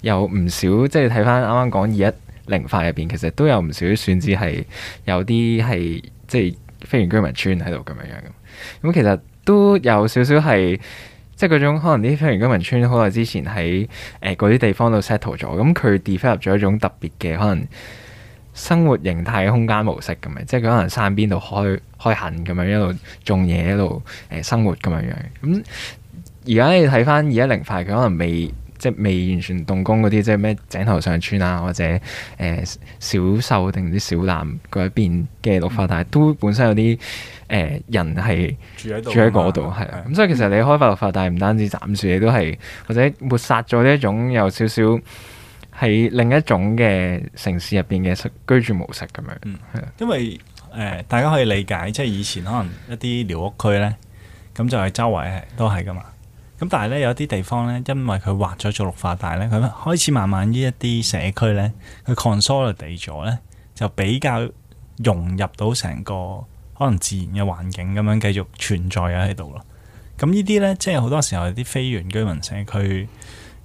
有唔少，即係你睇翻啱啱講二一零幅入邊，其實都有唔少啲選址係有啲係即係非原居民村喺度咁樣樣咁，咁其實都有少少係。即係嗰種可能啲譬如居民村好耐之前喺誒嗰啲地方度 settle 咗，咁佢 develop 咗一種特別嘅可能生活形態嘅空間模式咁樣，即係佢可能山邊度開開墾咁樣，一路種嘢一路誒、呃、生活咁樣樣。咁而家你睇翻二一零塊，佢可能未。即係未完全動工嗰啲，即係咩井頭上村啊，或者誒、呃、小秀定唔知小南嗰一邊嘅綠化帶，嗯、都本身有啲誒、呃、人係住喺度。住喺嗰度，係啊。咁的所以其實你開發綠化帶，唔單止斬樹，你都係或者抹殺咗呢一種有少少喺另一種嘅城市入邊嘅居住模式咁樣。嗯，係啊。因為誒、呃、大家可以理解，即係以前可能一啲寮屋區咧，咁就係周圍係都係噶嘛。咁但係咧，有啲地方咧，因為佢劃咗做綠化帶咧，佢開始慢慢依一啲社區咧，佢 consolidate 咗咧，就比較融入到成個可能自然嘅環境咁樣繼續存在喺度咯。咁、嗯、呢啲咧，即係好多時候啲非原居民社區，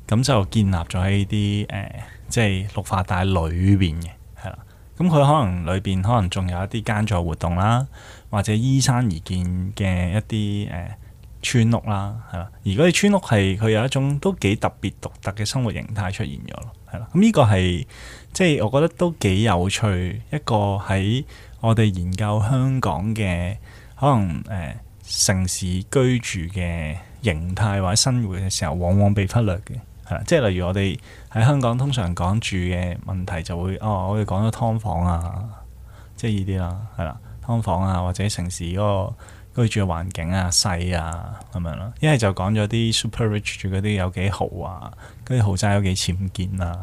咁就建立咗喺啲誒，即係綠化帶裏邊嘅，係啦。咁、嗯、佢可能裏邊可能仲有一啲耕作活動啦，或者依山而建嘅一啲誒。呃屋啊、村屋啦，係啦，而嗰啲村屋係佢有一種都幾特別獨特嘅生活形態出現咗咯，係啦。咁、嗯、呢、這個係即係我覺得都幾有趣一個喺我哋研究香港嘅可能誒、呃、城市居住嘅形態或者生活嘅時候，往往被忽略嘅，係啦。即係例如我哋喺香港通常講住嘅問題，就會哦，我哋講咗劏房啊，即係呢啲啦，係啦，劏房啊或者城市嗰、那個。居住環境啊細啊咁樣啦，一係就講咗啲 super rich 住嗰啲有幾豪啊，嗰啲豪宅有幾僭建啊，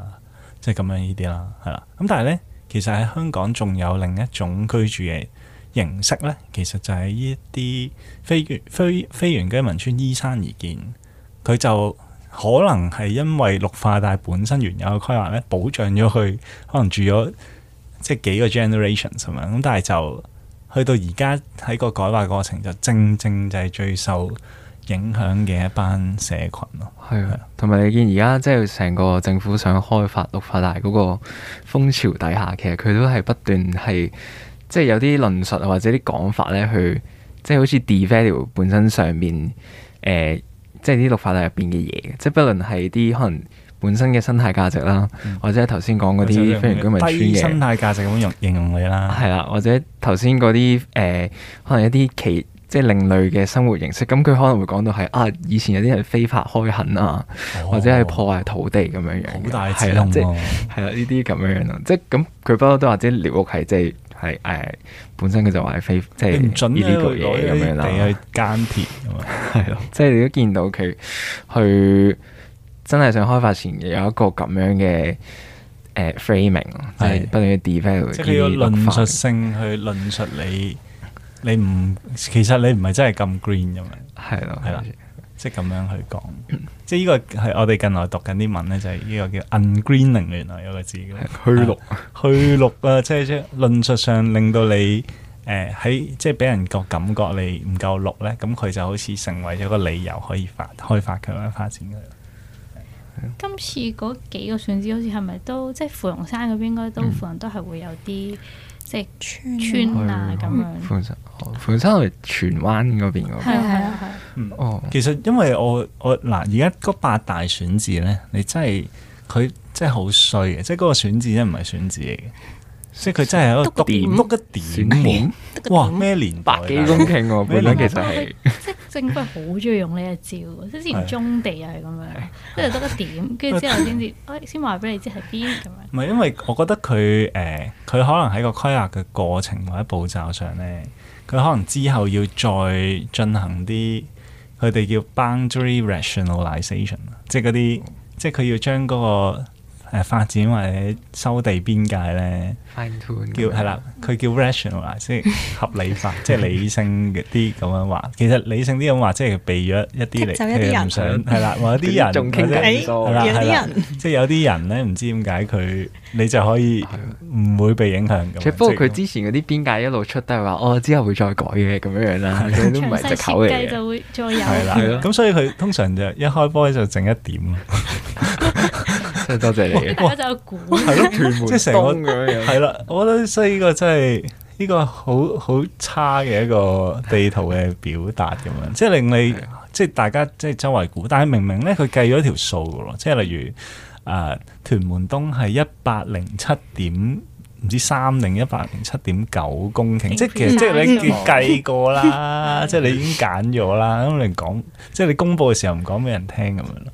即係咁樣這、嗯、呢啲啦，係啦。咁但係咧，其實喺香港仲有另一種居住嘅形式咧，其實就係呢啲非非非原居民村依山而建，佢就可能係因為綠化帶，本身原有嘅規劃咧保障咗佢，可能住咗即係幾個 generation 咁樣。咁、嗯、但係就去到而家喺個改劃過程，就正正就係最受影響嘅一班社群咯。係啊的，同埋的你見而家即係成個政府想開發綠化帶嗰個風潮底下，其實佢都係不斷係即係有啲論述或者啲講法咧，去即係好似 devalue 本身上面，誒、呃，即係啲綠化帶入邊嘅嘢，即係不論係啲可能，本身嘅生態價值啦，或者係頭先講嗰啲非原居民村嘅生態價值咁樣形容你啦，係啦，或者頭先嗰啲誒，可能一啲奇即係另類嘅生活形式，咁佢可能會講到係啊，以前有啲人非法開墾啊，哦、或者係破壞土地咁樣樣，好、哦、大指控、就是、啊，係啦，呢啲咁樣樣啊，即係咁佢不嬲都話，即係寮屋係即係係誒本身佢就話係非即係唔準呢個嘢咁樣啦，你去耕田咁啊，係咯，即係 你都見到佢去。去真係想開發前有一個咁樣嘅誒、uh, framing 是即係不斷要 develop，即係要論述性去論述你， 你唔其實你唔係真係咁 green 咁樣，係咯係啦，即係咁樣去講， 即係呢個係我哋近來讀緊啲文咧，就係、是、呢個叫 ungreening，原來有個字，的去綠去綠啊， 即係即係論述上令到你誒喺、呃、即係俾人個感覺你唔夠綠咧，咁佢就好似成為咗個理由可以發開發佢啦，發展佢。今次嗰幾個選址好似係咪都即係、就是、芙蓉山嗰邊，應該都可能、嗯、都係會有啲即係村啊咁、啊、樣。芙蓉山，芙蓉山係荃灣嗰邊嘅？係係係。哦、嗯，其實因為我我嗱，而家嗰八大選址咧，你真係佢真係好衰嘅，即係嗰個選址真唔係選址嚟嘅。即係佢真係喺度篤個點，篤個點。個點哇！咩年代啊？百幾公頃其實係。即係政府好中意用呢一招。即之前棕地又係咁樣， 即係得個點，跟住之後先至， 哎，先話俾你知係邊咁樣。唔係，因為我覺得佢誒，佢、呃、可能喺個規劃嘅過程或者步驟上咧，佢可能之後要再進行啲，佢哋叫 boundary rationalization，即係嗰啲，即係佢要將嗰個。誒發展或者收地邊界咧，叫係啦，佢叫 rational 化，即係合理化，即係理性啲咁樣話。其實理性啲咁話，即係避咗一啲嚟，佢唔想係啦。有啲人仲傾偈，有啲人即係有啲人咧，唔知點解佢你就可以唔會被影響。即係不過佢之前嗰啲邊界一路出都係話，哦，之後會再改嘅咁樣樣啦。詳細設計就會再有係啦。咁所以佢通常就一開波就整一點咯。即係多謝你，大家就估係咯，即係成個咁樣，係啦。我覺得所以呢個真係呢、這個好好差嘅一個地圖嘅表達咁樣，即係令你即係大家即係周圍估，但係明明咧佢計咗條數噶咯，即係例如誒、啊，屯門東係一百零七點唔知三定一百零七點九公頃， 即係其實即係你計計過啦，即係你， 你已經揀咗啦，咁你講，即係你公布嘅時候唔講俾人聽咁樣咯。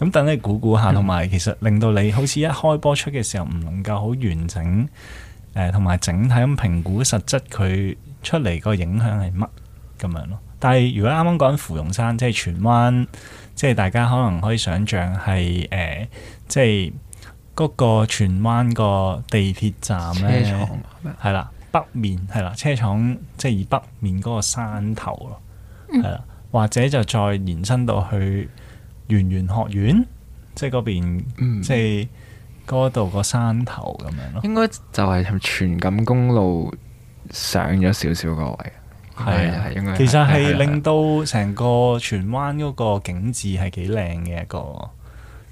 咁等你估估下，同埋其實令到你好似一開波出嘅時候，唔能夠好完整，誒同埋整體咁評估實質佢出嚟個影響係乜咁樣咯。但係如果啱啱講芙蓉山，即係荃灣，即係大家可能可以想像係誒，即係嗰個荃灣個地鐵站咧，係啦、啊、北面係啦車廠，即係以北面嗰個山頭咯，係啦，嗯、或者就再延伸到去。圓玄學院，即係嗰邊，嗯、即係嗰度個山頭咁樣咯。應該就係喺荃錦公路上咗少少個位，係係、啊啊、應該。其實係令到成個荃灣嗰個景緻係幾靚嘅一個，嗯、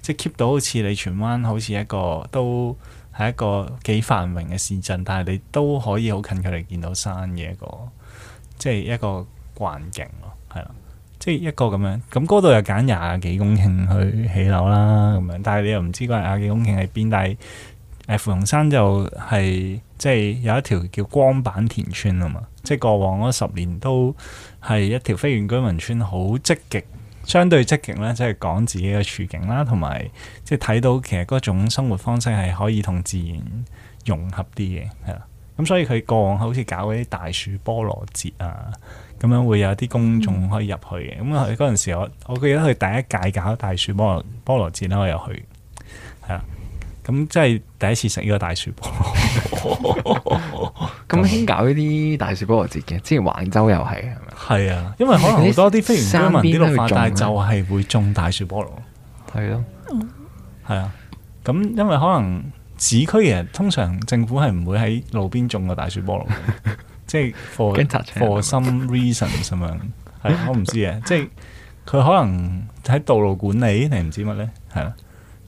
即係 keep 到好似你荃灣好似一個都係一個幾繁榮嘅市鎮，但係你都可以好近距離見到山嘅一個，即、就、係、是、一個環境咯，係啦、啊。一個咁樣，咁嗰度又揀廿幾公頃去起樓啦，咁樣，但係你又唔知嗰廿幾公頃喺邊，但係誒，芙蓉山就係即係有一條叫光板田村啊嘛，即係過往嗰十年都係一條非原居民村，好積極，相對積極咧，即係講自己嘅處境啦，同埋即係睇到其實嗰種生活方式係可以同自然融合啲嘅，係啦，咁所以佢過往好似搞嗰啲大樹菠蘿節啊。咁樣會有啲公眾可以入去嘅，咁佢嗰時我，我記得佢第一屆搞大樹菠蘿菠蘿節啦。我又去，係啊，咁即係第一次食呢個大樹菠蘿。咁興搞呢啲大樹菠蘿節嘅，之前橫洲又係，係啊，因為可能好多啲非原居民啲綠化帶，都但係就係會種大樹菠蘿。係咯了，係啊，咁因為可能市區嘅，實通常政府係唔會喺路邊種個大樹菠蘿。 即係 for for some reasons 咁樣， 係我唔知啊！ 即係佢可能喺道路管理定唔知乜咧？係啦。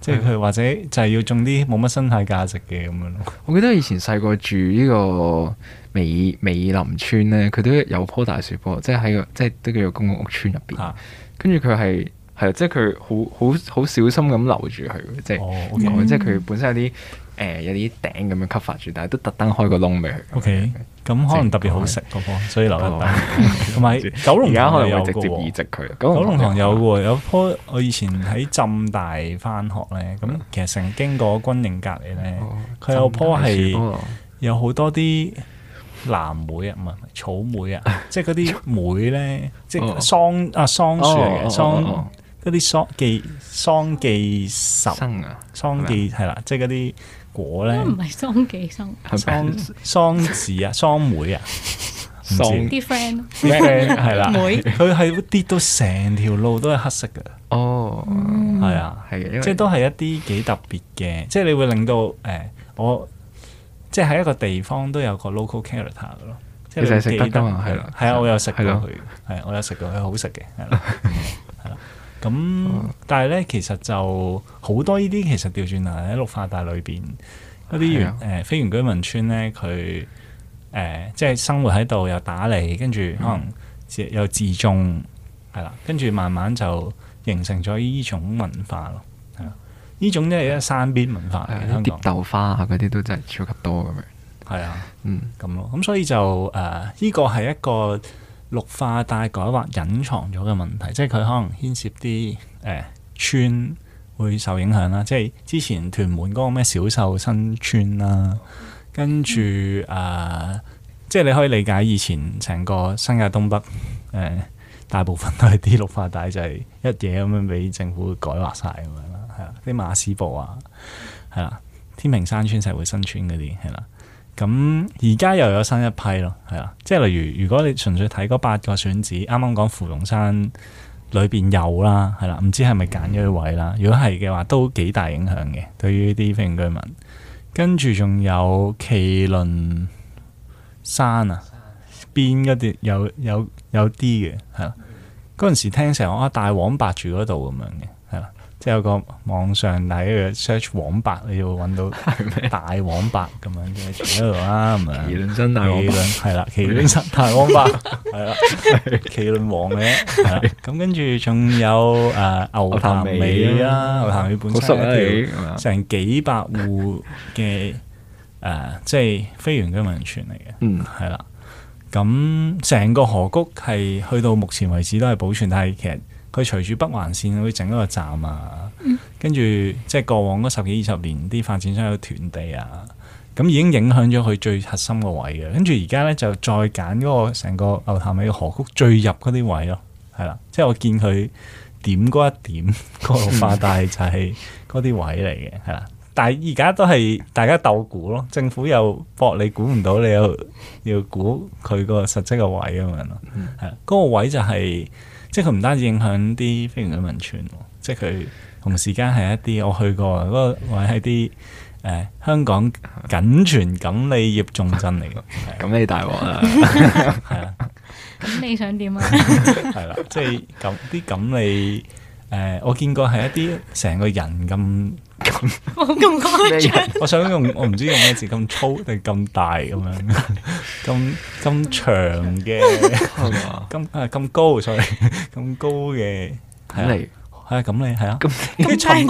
即係佢或者就係要種啲冇乜生態價值嘅咁樣咯。我記得以前細個住呢個美美林村咧，佢都有棵大樹棵，即係喺個即係都叫做公共屋邨入邊。啊、跟住佢係係即係佢好好好小心咁留住佢，即係即係佢本身有啲。哦 okay. 嗯誒，有啲頂咁樣吸發住，但係都特登開個窿俾佢。O K，咁可能特別好食，所以留一啖。同埋九龍，而家可能有直接移植佢。九龍塘有個，有棵我以前喺浸大返學咧，咁其實曾經過軍營隔籬咧，佢有棵係有好多啲藍莓啊，唔係草莓啊，即係嗰啲莓咧，即係桑啊桑樹嚟嘅桑。嗰啲桑寄桑寄實，桑寄係啦，即係嗰啲果咧，唔係桑寄生，桑桑子啊，桑梅啊，唔知啲 friend，啲 friend 係啦，梅，佢係跌到成條路都係黑色嘅，哦，係啊，係嘅，即係都係一啲幾特別嘅，即係你會令到誒，我即係喺一個地方都有個 local character 嘅咯，即係食得啊，係啦，係啊，我有食過佢，係啊，我有食過佢，好食嘅，係啦。咁，嗯、但係咧，其實就好多呢啲，其實調轉嚟喺綠化帶裏邊嗰啲原誒非原居民村咧，佢誒、呃、即係生活喺度又打理，跟住可能自又自種，係啦、啊，跟住慢慢就形成咗呢種文化咯。係啊，呢種咧係一山邊文化嘅香港、啊、豆花啊，嗰啲都真係超級多咁樣。係啊，嗯，咁、嗯、咯，咁所以就誒，呢、呃呢個係一個綠化帶改劃隱藏咗嘅問題，即係佢可能牽涉啲誒、哎、村會受影響啦。即係之前屯門嗰個咩小秀新村啦、啊，跟住誒、啊，即係你可以理解以前成個新界東北誒、哎、大部分都係啲綠化帶，就係、是、一嘢咁樣俾政府改劃晒咁樣啦。係啦，啲馬屎埔啊，係啦，天平山村社會新村嗰啲係啦。咁而家又有新一批咯，係啦，即係例如如果你純粹睇嗰八個選址，啱啱講芙蓉山裏邊有啦，係啦，唔知係咪揀咗位啦？嗯、如果係嘅話，都幾大影響嘅，對於啲平居民。跟住仲有麒麟山啊，邊嗰啲有有有啲嘅，係啦，嗰陣、嗯、時聽成日、啊、大黃白住嗰度咁樣嘅，係啦。即係有個網上睇，search 黃白，你就揾到大黃白咁嗎樣嘅村喺度啦，咁樣 麒麟山大黃白，係啦， 麒麟真大係啦，咁跟住仲有誒牛潭尾啊，牛潭尾、啊啊、本身一條成、啊、幾百戶嘅誒，即係非原居民村嚟嘅，嗯，係啦，咁成個河谷係去到目前為止都係保存，但係其實。佢隨住北環線會整一個站啊，跟住、嗯、即係過往嗰十幾二十年啲發展商有囤地啊，咁已經影響咗佢最核心個位嘅。跟住而家咧就再揀嗰個成個牛潭尾河谷最入嗰啲位咯，係啦。即係我見佢點嗰一點個綠化帶就係嗰啲位嚟嘅，係啦。但係而家都係大家鬥估咯，政府又博你估唔到你，你又要估佢個實際位、那個位咁樣咯。係嗰個位就係。即係佢唔單止影響啲非遺嘅民村，即係佢同時間係一啲我去過嗰、那個位係啲誒香港緊存緊利業重身嚟嘅，緊你大鑊啦，係啊！咁、 就是、你想點啊？係啦，即係緊啲緊利誒，我見過係一啲成個人咁。咁我咁誇張，我想用我唔知用咩字，咁粗定咁大咁樣，咁咁長嘅，咁咁高，所以咁高嘅係啊，係啊咁你係樣啊，咁咁沉，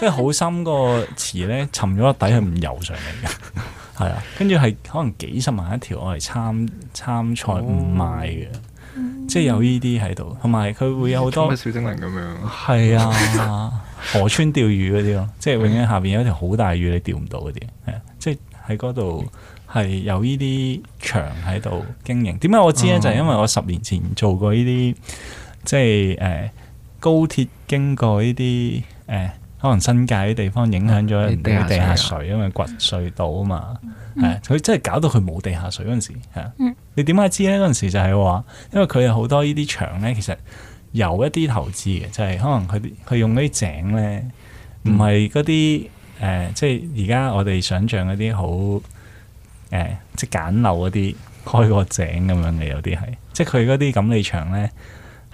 跟住好深個池咧，沉咗個底係唔游上嚟嘅，係啊，跟住係可能幾十萬一條，我嚟參參賽唔賣嘅。哦嗯、即係有呢啲喺度，同埋佢會有好多小精靈咁樣。係啊， 河川釣魚嗰啲咯，即係永遠下邊有一條好大魚你釣唔到嗰啲。係啊，即係喺嗰度係有呢啲牆喺度經營。點解我知咧？嗯、就係因為我十年前做過呢啲，即係誒、呃、高鐵經過呢啲誒。呃可能新界啲地方影響咗人哋地下水，因為掘隧道啊嘛，係佢真係搞到佢冇地下水嗰、啊、陣、嗯、時，嗯、你點解知咧？嗰陣時就係話，因為佢有好多呢啲場咧，其實有一啲投資嘅，就係、是、可能佢啲佢用啲井咧，唔係嗰啲誒，即係而家我哋想象嗰啲好誒，即係簡陋嗰啲開個井咁樣嘅有啲係，即係佢嗰啲錦鯉場咧，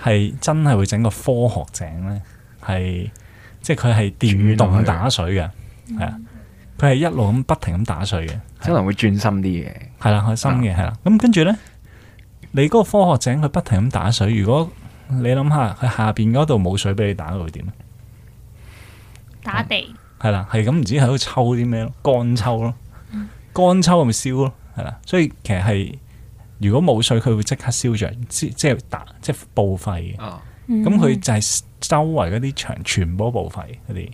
係真係會整個科學井咧，係。即係佢係電動打水嘅，係啊、嗯，佢係一路咁不停咁打水嘅，嗯、的可能會轉心啲嘅，係啦，開心嘅，係啦、啊。咁跟住咧，你嗰個科學井佢不停咁打水，如果你諗下佢下邊嗰度冇水俾你打，會點咧？打地係啦，係咁唔知喺度抽啲咩咯，乾抽咯，乾、嗯、抽咪燒咯，係啦。所以其實係如果冇水，佢會即刻燒着，即係打即係報廢嘅。咁佢就係、是。周圍嗰啲牆全部報廢嗰啲，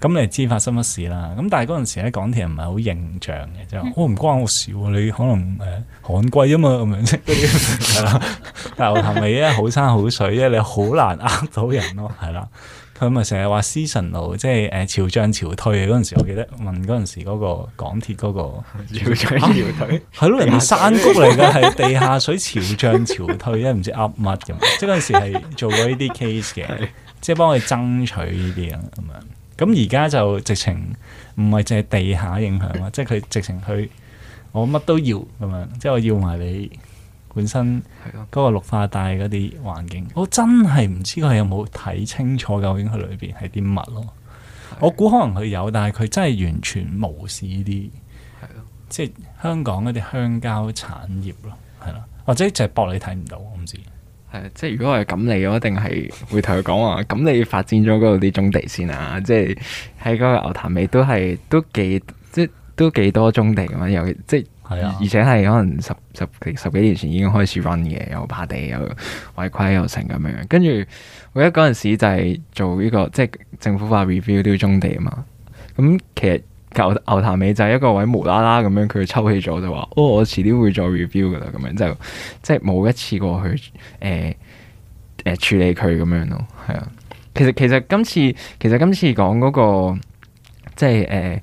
咁、嗯、你知發生乜事啦？咁但係嗰陣時咧，港鐵唔係好形象嘅，就我唔關我事喎、啊，你可能誒、呃、寒貴啊嘛咁樣啫，係啦。 但係咪咧，好山好水咧，你好難呃到人咯，係啦。佢咪成日話 seasonal，即係誒，潮漲潮退嘅嗰陣時，我記得問嗰陣時嗰個港鐵嗰、嗰個潮退係咯，連爬、啊、山谷嚟嘅係地下水，潮漲潮退，因為唔知噏乜咁，即係嗰陣時係做過呢啲 case 嘅，即、就、係、是、幫佢爭取呢啲咁樣。咁而家就直情唔係淨係地下影響啊、嗯，即係佢直情去我乜都要咁樣，即係我要埋你。本身嗰個綠化帶嗰啲環境，的我真係唔知佢有冇睇清楚，究竟佢裏邊係啲乜咯？的我估可能佢有，但係佢真係完全無視啲，的即係香港嗰啲香蕉產業咯，係啦，或者就係博你睇唔到，我唔知。係即係如果係咁，你嘅一定係會同佢講話：咁 你發展咗嗰度啲棕地先啊！即係喺嗰個牛潭尾都係都幾即係都幾多棕地㗎嘛？尤其即係啊，而且係可能十十十幾年前已經開始 run 嘅，又霸地又違規又成咁樣，跟住我覺得嗰陣時就係做呢、這個即係政府化 review 都要中地啊嘛，咁其實牛牛潭尾就係一個位無啦啦咁樣佢抽起咗就話，哦、oh, 我遲啲會再 review 噶啦，咁樣就即係冇一次過去誒誒、呃呃、處理佢咁樣咯，係啊，其實其實今次其實今次講嗰、那個即係誒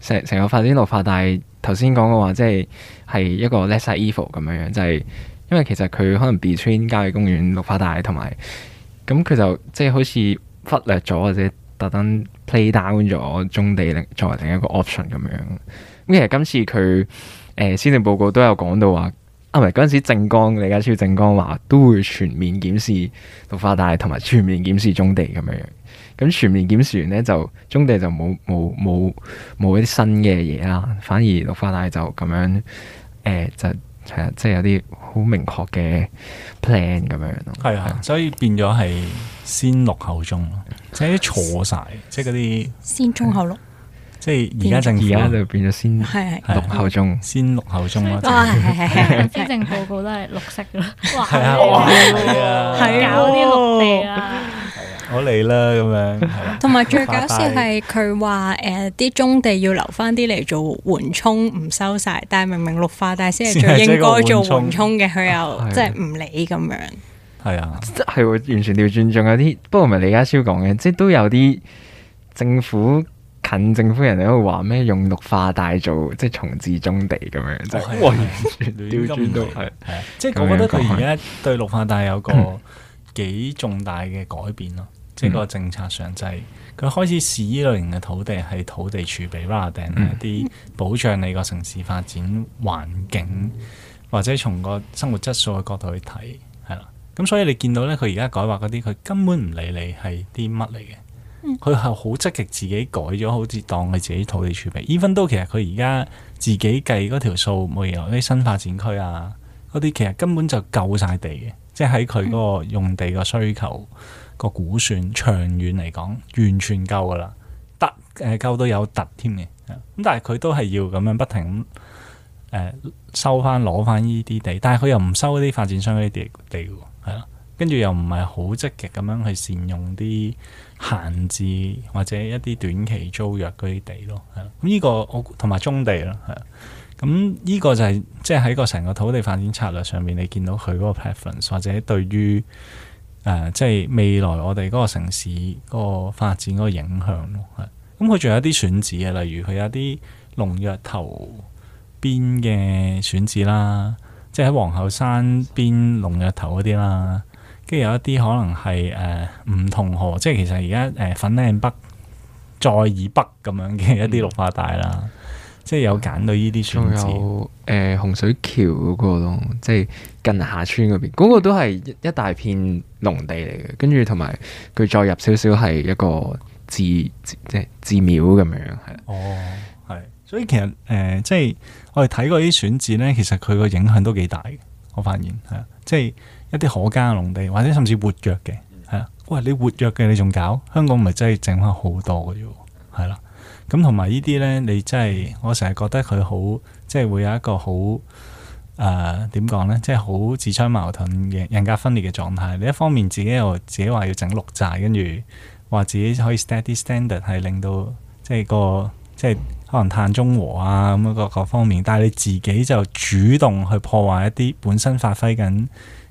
成成個發展綠化帶。頭先講嘅話，即係係一個 lesser evil 咁樣樣，就係、是、因為其實佢可能 between 郊野公園、綠化帶同埋咁，佢就即係好似忽略咗或者特登 play down 咗棕地作為另一個 option 咁樣。咁其實今次佢誒施政報告都有講到話，啊咪係嗰陣時政綱，李家超政綱話都會全面檢視綠化帶同埋全面檢視棕地咁樣。咁全面檢視完咧，就中地就冇冇冇冇一啲新嘅嘢啦，反而綠化帶就咁樣誒、呃，就係即係有啲好明確嘅 plan 咁樣咯。係啊，所以變咗係先綠後中咯，嗯、即係錯晒，即係嗰啲先中後綠，即係而家陣而家就變咗先係係綠後中，先綠後中。係係係，編程報告都係綠色咯。係啊，係啊，搞啲綠地啊。我嚟啦咁樣，同埋 大最搞笑係佢話誒，啲、呃、棕地要留翻啲嚟做緩衝，唔收晒。但係明明綠化帶先係最應該做緩衝嘅，佢又即係唔理咁樣。係啊，係會完全調轉仲有啲。不過唔係李家超講嘅，即係都有啲政府近政府人哋喺度話咩用綠化帶做即係重置棕地咁樣，哇、哦哦！完全調轉的到係係即係我覺得佢而家對綠化帶有個幾重大嘅改變咯。即係個政策上、就係，就佢、嗯、開始視呢類型嘅土地係土地儲備啦，定、嗯、一啲保障你個城市發展環境，嗯、或者從個生活質素嘅角度去睇，係啦。咁所以你見到咧，佢而家改劃嗰啲，佢根本唔理你係啲乜嚟嘅，佢係好積極自己改咗，好似當佢自己土地儲備。even 都其實佢而家自己計嗰條數，冇理由啲新發展區啊，嗰啲其實根本就夠晒地嘅，即係喺佢嗰個用地個需求。個估算長遠嚟講，完全夠噶啦，得誒夠都有得添嘅，咁但係佢都係要咁樣不停咁誒、呃、收翻攞翻呢啲地，但係佢又唔收啲發展商嗰啲地地，係啦，跟住又唔係好積極咁樣去善用啲閒置或者一啲短期租約嗰啲地咯，係啦，咁呢、嗯這個我同埋棕地咯，係咁呢個就係即係喺個成個土地發展策略上面，你見到佢嗰個 preference 或者對於。誒、呃，即係未來我哋嗰個城市個發展嗰個影響咯，係。咁佢仲有一啲選址嘅，例如佢有啲龍躍頭邊嘅選址啦，即係喺皇后山邊龍躍頭嗰啲啦，跟住有一啲可能係誒梧桐河，即係其實而家誒粉嶺北再以北咁樣嘅一啲綠化帶啦，嗯、即係有揀到呢啲選址。仲、呃、洪水橋嗰、那個咯，即、就、係、是、近廈村嗰邊，嗰、那個都係一大片，農地嚟嘅，跟住同埋佢再入少少係一個寺，即係寺廟咁樣係哦，係，所以其實誒、呃，即係我哋睇過啲選址咧，其實佢個影響都幾大嘅。我發現係啊，即係一啲可耕嘅農地，或者甚至活躍嘅係啊。喂，你活躍嘅你仲搞？香港唔係真係剩返好多㗎啫，係啦。咁同埋呢啲咧，你真係我成日覺得佢好，即係會有一個好。誒點講呢？即係好自相矛盾嘅人格分裂嘅狀態。你一方面自己又自己話要整綠債，跟住話自己可以 steady standard 係令到即係個即係可能碳中和啊咁嗰個各方面，但係你自己就主動去破壞一啲本身發揮緊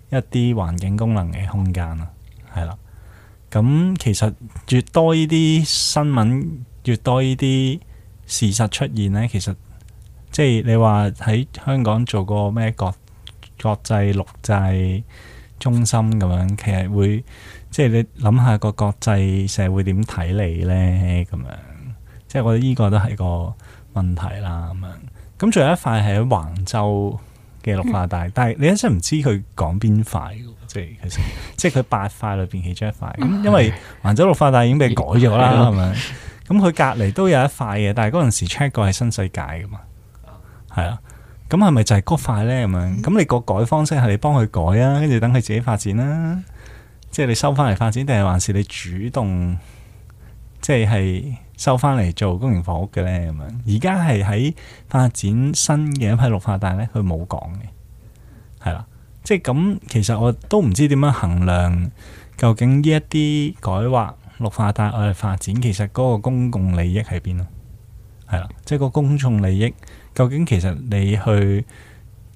一啲環境功能嘅空間啊，係啦。咁其實越多呢啲新聞，越多呢啲事實出現呢，其實。即係你話喺香港做個咩國國際綠際中心咁樣，其實會即係你諗下個國際社會點睇你咧咁樣，即係我覺得呢個都係個問題啦咁樣。咁仲有一塊係喺橫洲嘅綠化帶，嗯、但係你真係唔知佢講邊塊、嗯、即係其實即係佢八塊裏邊其中一塊。咁、嗯、因為橫洲綠化帶已經被改咗啦，係咪、嗯？咁佢隔離都有一塊嘅，但係嗰陣時 check 過係新世界噶嘛。係啦，咁係咪就係嗰塊咧？咁樣咁你個改方式係你幫佢改啊，跟住等佢自己發展啦。即係你收翻嚟發展，定係還是你主動？即係收翻嚟做公營房屋嘅咧？咁樣而家係喺發展新嘅一批綠化帶咧，佢冇講嘅係啦。即係咁，其實我都唔知點樣衡量究竟呢一啲改劃綠化帶我哋發展，其實嗰個公共利益喺邊咯？係啦，即係個公眾利益。究竟其實你去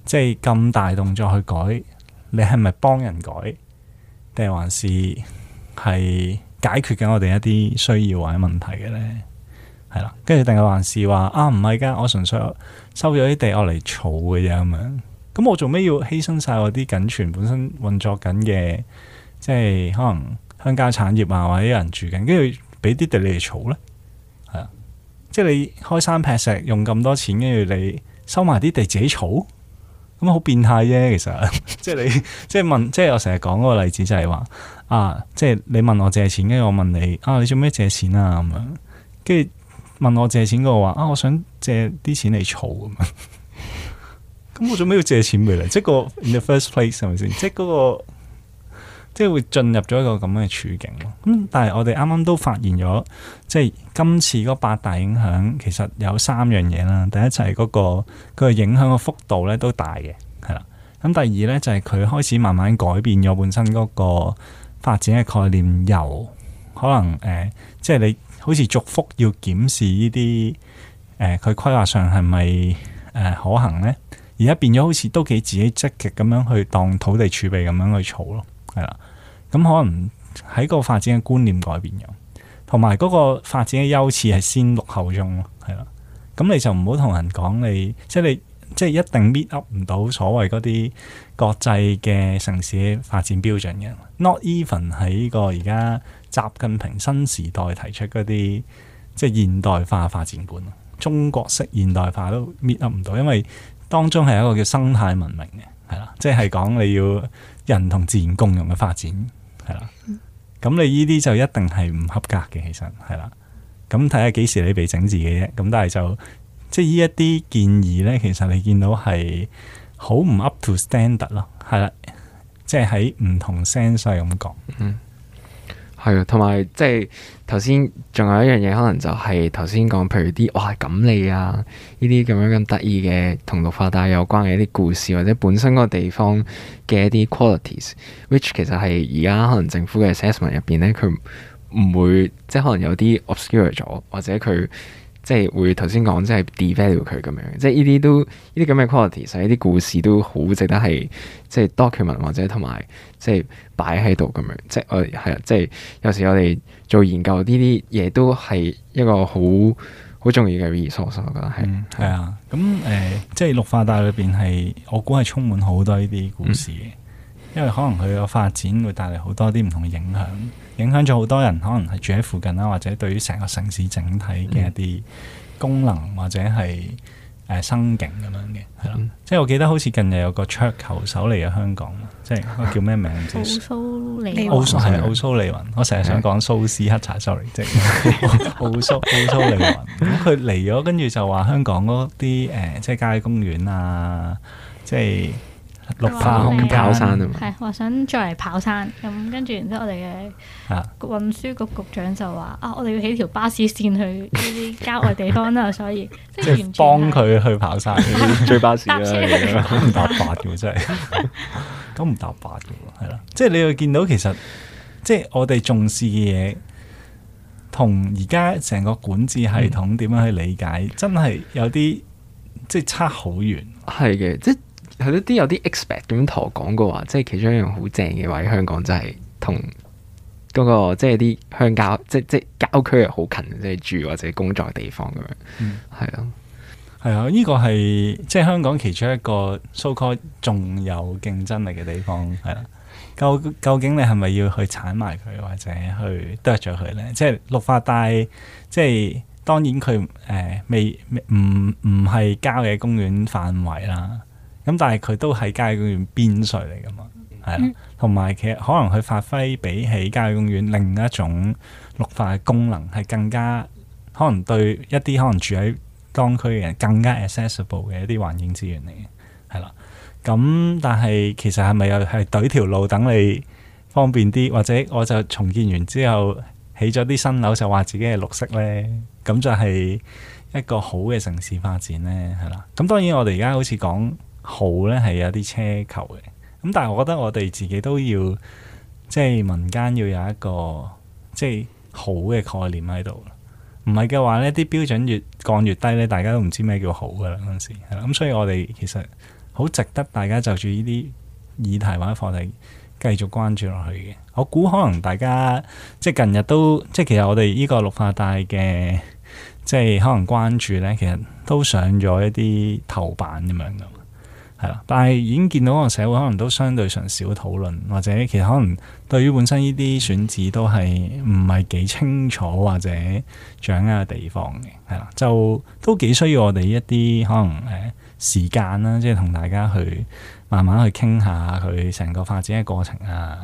即係咁大動作去改，你係咪幫人改，定還是係解決緊我哋一啲需要或者問題嘅咧？係啦，跟住定係還是話啊？唔係㗎，我純粹收咗啲地落嚟儲嘅啫咁樣。咁我做咩要犧牲晒我啲僅存本身運作緊嘅，即係可能鄉郊產業啊，或者有人住緊，跟住俾啲地你嚟儲咧？即係你開山劈石用咁多錢，跟住你收埋啲地自己儲，咁啊，好變態啫！其實，即係你即係問，即係我成日講嗰個例子就係話啊，即係你問我借錢，跟住我問你啊，你做咩借錢啊？咁樣，跟住問我借錢嗰個話啊，我想借啲錢嚟儲咁樣，咁我做咩要借錢俾你？即係個 in the first place 係咪先？即係個。即係會進入咗一個咁嘅處境，咁、嗯、但係我哋啱啱都發現咗，即係今次嗰八大影響，其實有三樣嘢啦。第一就係、是、嗰、那個佢影響嘅幅度咧都大嘅，係啦。咁第二咧就係、是、佢開始慢慢改變咗本身嗰個發展嘅概念，由可能誒、呃，即係你好似逐幅要檢視呢啲誒，佢、呃、規劃上係咪誒可行咧？而家變咗好似都幾自己積極咁樣去當土地儲備咁樣去儲咯。係啦，咁、嗯、可能喺個發展嘅觀念改變咗，同埋嗰個發展嘅優勢係先綠後棕咯，係啦，咁、嗯、你就唔好同人講你，即係你即係一定 meet up 唔到所謂嗰啲國際嘅城市發展標準嘅，not even 喺個而家習近平新時代提出嗰啲即係現代化發展觀，中國式現代化都 meet up 唔到，因為當中係一個叫生態文明嘅，係啦，即係講你要。人同自然共融嘅發展，係啦，咁你呢啲就一定係唔合格嘅，其實係啦，咁睇下幾時你被整治嘅啫，咁但係就即係呢一啲建議咧，其實你見到係好唔 up to standard 咯，係啦，即係喺唔同 sense 咁講，嗯。係啊，同埋即係頭先仲有一樣嘢，可能就係頭先講，譬如啲哇錦鯉啊，呢啲咁樣咁得意嘅同綠化帶有關嘅一啲故事，或者本身個地方嘅一啲 qualities，which 其實係而家可能政府嘅 assessment 入邊咧，佢唔會即係可能有啲 obscure 咗，或者佢。即係會頭先講，即係 devalue 佢咁樣，即係呢啲都呢啲咁嘅 qualities，呢啲故事都好值得係即係 document 或者同埋即係擺喺度咁樣。即係我係啊，即係有時我哋做研究呢啲嘢都係一個好好重要嘅 resource，我覺得係。嗯，係啊。咁誒、呃，即係綠化帶裏邊係我估係充滿好多呢啲故事嘅。嗯因為可能佢個發展會帶嚟好多啲唔同嘅影響，影響咗好多人，可能係住喺附近啦，或者對於成個城市整體嘅一啲功能或者係誒、呃、生境咁樣嘅，係咯。嗯、即係我記得好似近日有個桌球手嚟咗香港，即係叫咩名字？奧蘇利奧蘇，係奧蘇利雲。我成日想講蘇斯黑茶，sorry，即係奧蘇，奧蘇利雲。咁佢嚟咗，跟住就話香港嗰啲誒，即係街公園啊，即係。嗯嗯綠化空跑山啊嘛，係話想再嚟跑山，咁跟住然之後我哋嘅運輸局局長就話啊，我哋要起條巴士綫去郊外地方啦，所以即係幫佢去跑山，追巴士，咁唔搭八嘅真係，咁唔搭八嘅係啦，即係你會見到其實，即係我哋重視嘅嘢，同而家成個管治系統點樣去理解，真係有啲即係差好遠，係嘅，即係。係咯，啲有啲 expect 咁樣同我講過話，即係其中一樣好正嘅位。香港就係同嗰個即係啲鄉郊，即即郊區又好近，即係住或者工作嘅地方咁樣，係啊，係啊，呢個係即係香港其中一個 so called 仲有競爭力嘅地方係啦。究、啊、究竟你係咪要去鏟埋佢，或者去剁咗佢咧？即係綠化帶，即係當然佢誒、呃、未未唔唔係郊野公園範圍啦。咁、嗯、但係佢都係郊野公園邊陲嚟噶嘛，係啦，同埋其實可能佢發揮比起郊野公園另一種綠化嘅功能，係更加可能對一啲可能住喺當區嘅人更加 accessible 嘅一啲環境資源嚟嘅，係啦。咁、嗯、但係其實係咪又係對條路等你方便啲，或者我就重建完之後起咗啲新樓就話自己係綠色咧？咁就係一個好嘅城市發展咧，係啦。咁、嗯、當然我哋而家好似講。好咧，係有啲奢求嘅。咁但係，我覺得我哋自己都要，即係民間要有一個即係好嘅概念喺度。唔係嘅話呢，啲標準越降越低呢，大家都唔知咩叫好噶啦。嗰陣時係啦，咁所以我哋其實好值得大家就住呢啲議題或者課題繼續關注落去嘅。我估可能大家即係近日都即係其實我哋呢個綠化帶嘅，即係可能關注呢，其實都上咗一啲頭版咁樣噶。係啦，但係已經見到個社會可能都相對上少討論，或者其實可能對於本身呢啲選址都係唔係幾清楚或者掌握嘅地方嘅，係啦，就都幾需要我哋一啲可能誒時間啦，即係同大家去慢慢去傾下佢成個發展嘅過程啊，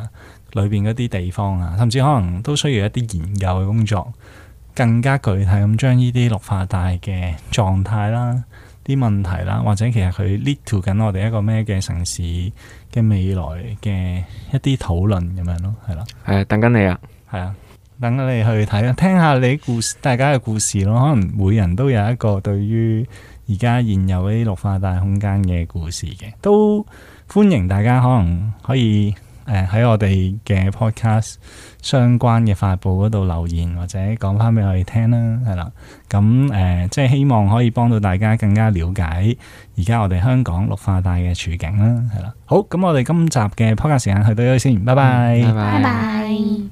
裏邊嗰啲地方啊，甚至可能都需要一啲研究嘅工作，更加具體咁將呢啲綠化帶嘅狀態啦。啲問題啦，或者其實佢 lead to 緊我哋一個咩嘅城市嘅未來嘅一啲討論咁樣咯，係啦。係啊，等緊你啊，係啊，等你去睇啊，聽下你故事，大家嘅故事咯，可能每人都有一個對於而家現有嗰啲綠化帶空間嘅故事嘅，都歡迎大家可能可以，誒喺、呃、我哋嘅 podcast 相關嘅發布嗰度留言或者講翻俾我哋聽啦，係啦，咁、嗯、誒、呃、即係希望可以幫到大家更加了解而家我哋香港綠化帶嘅處境啦，係啦。好，咁我哋今集嘅 podcast 時間去到呢度先，拜拜，拜拜。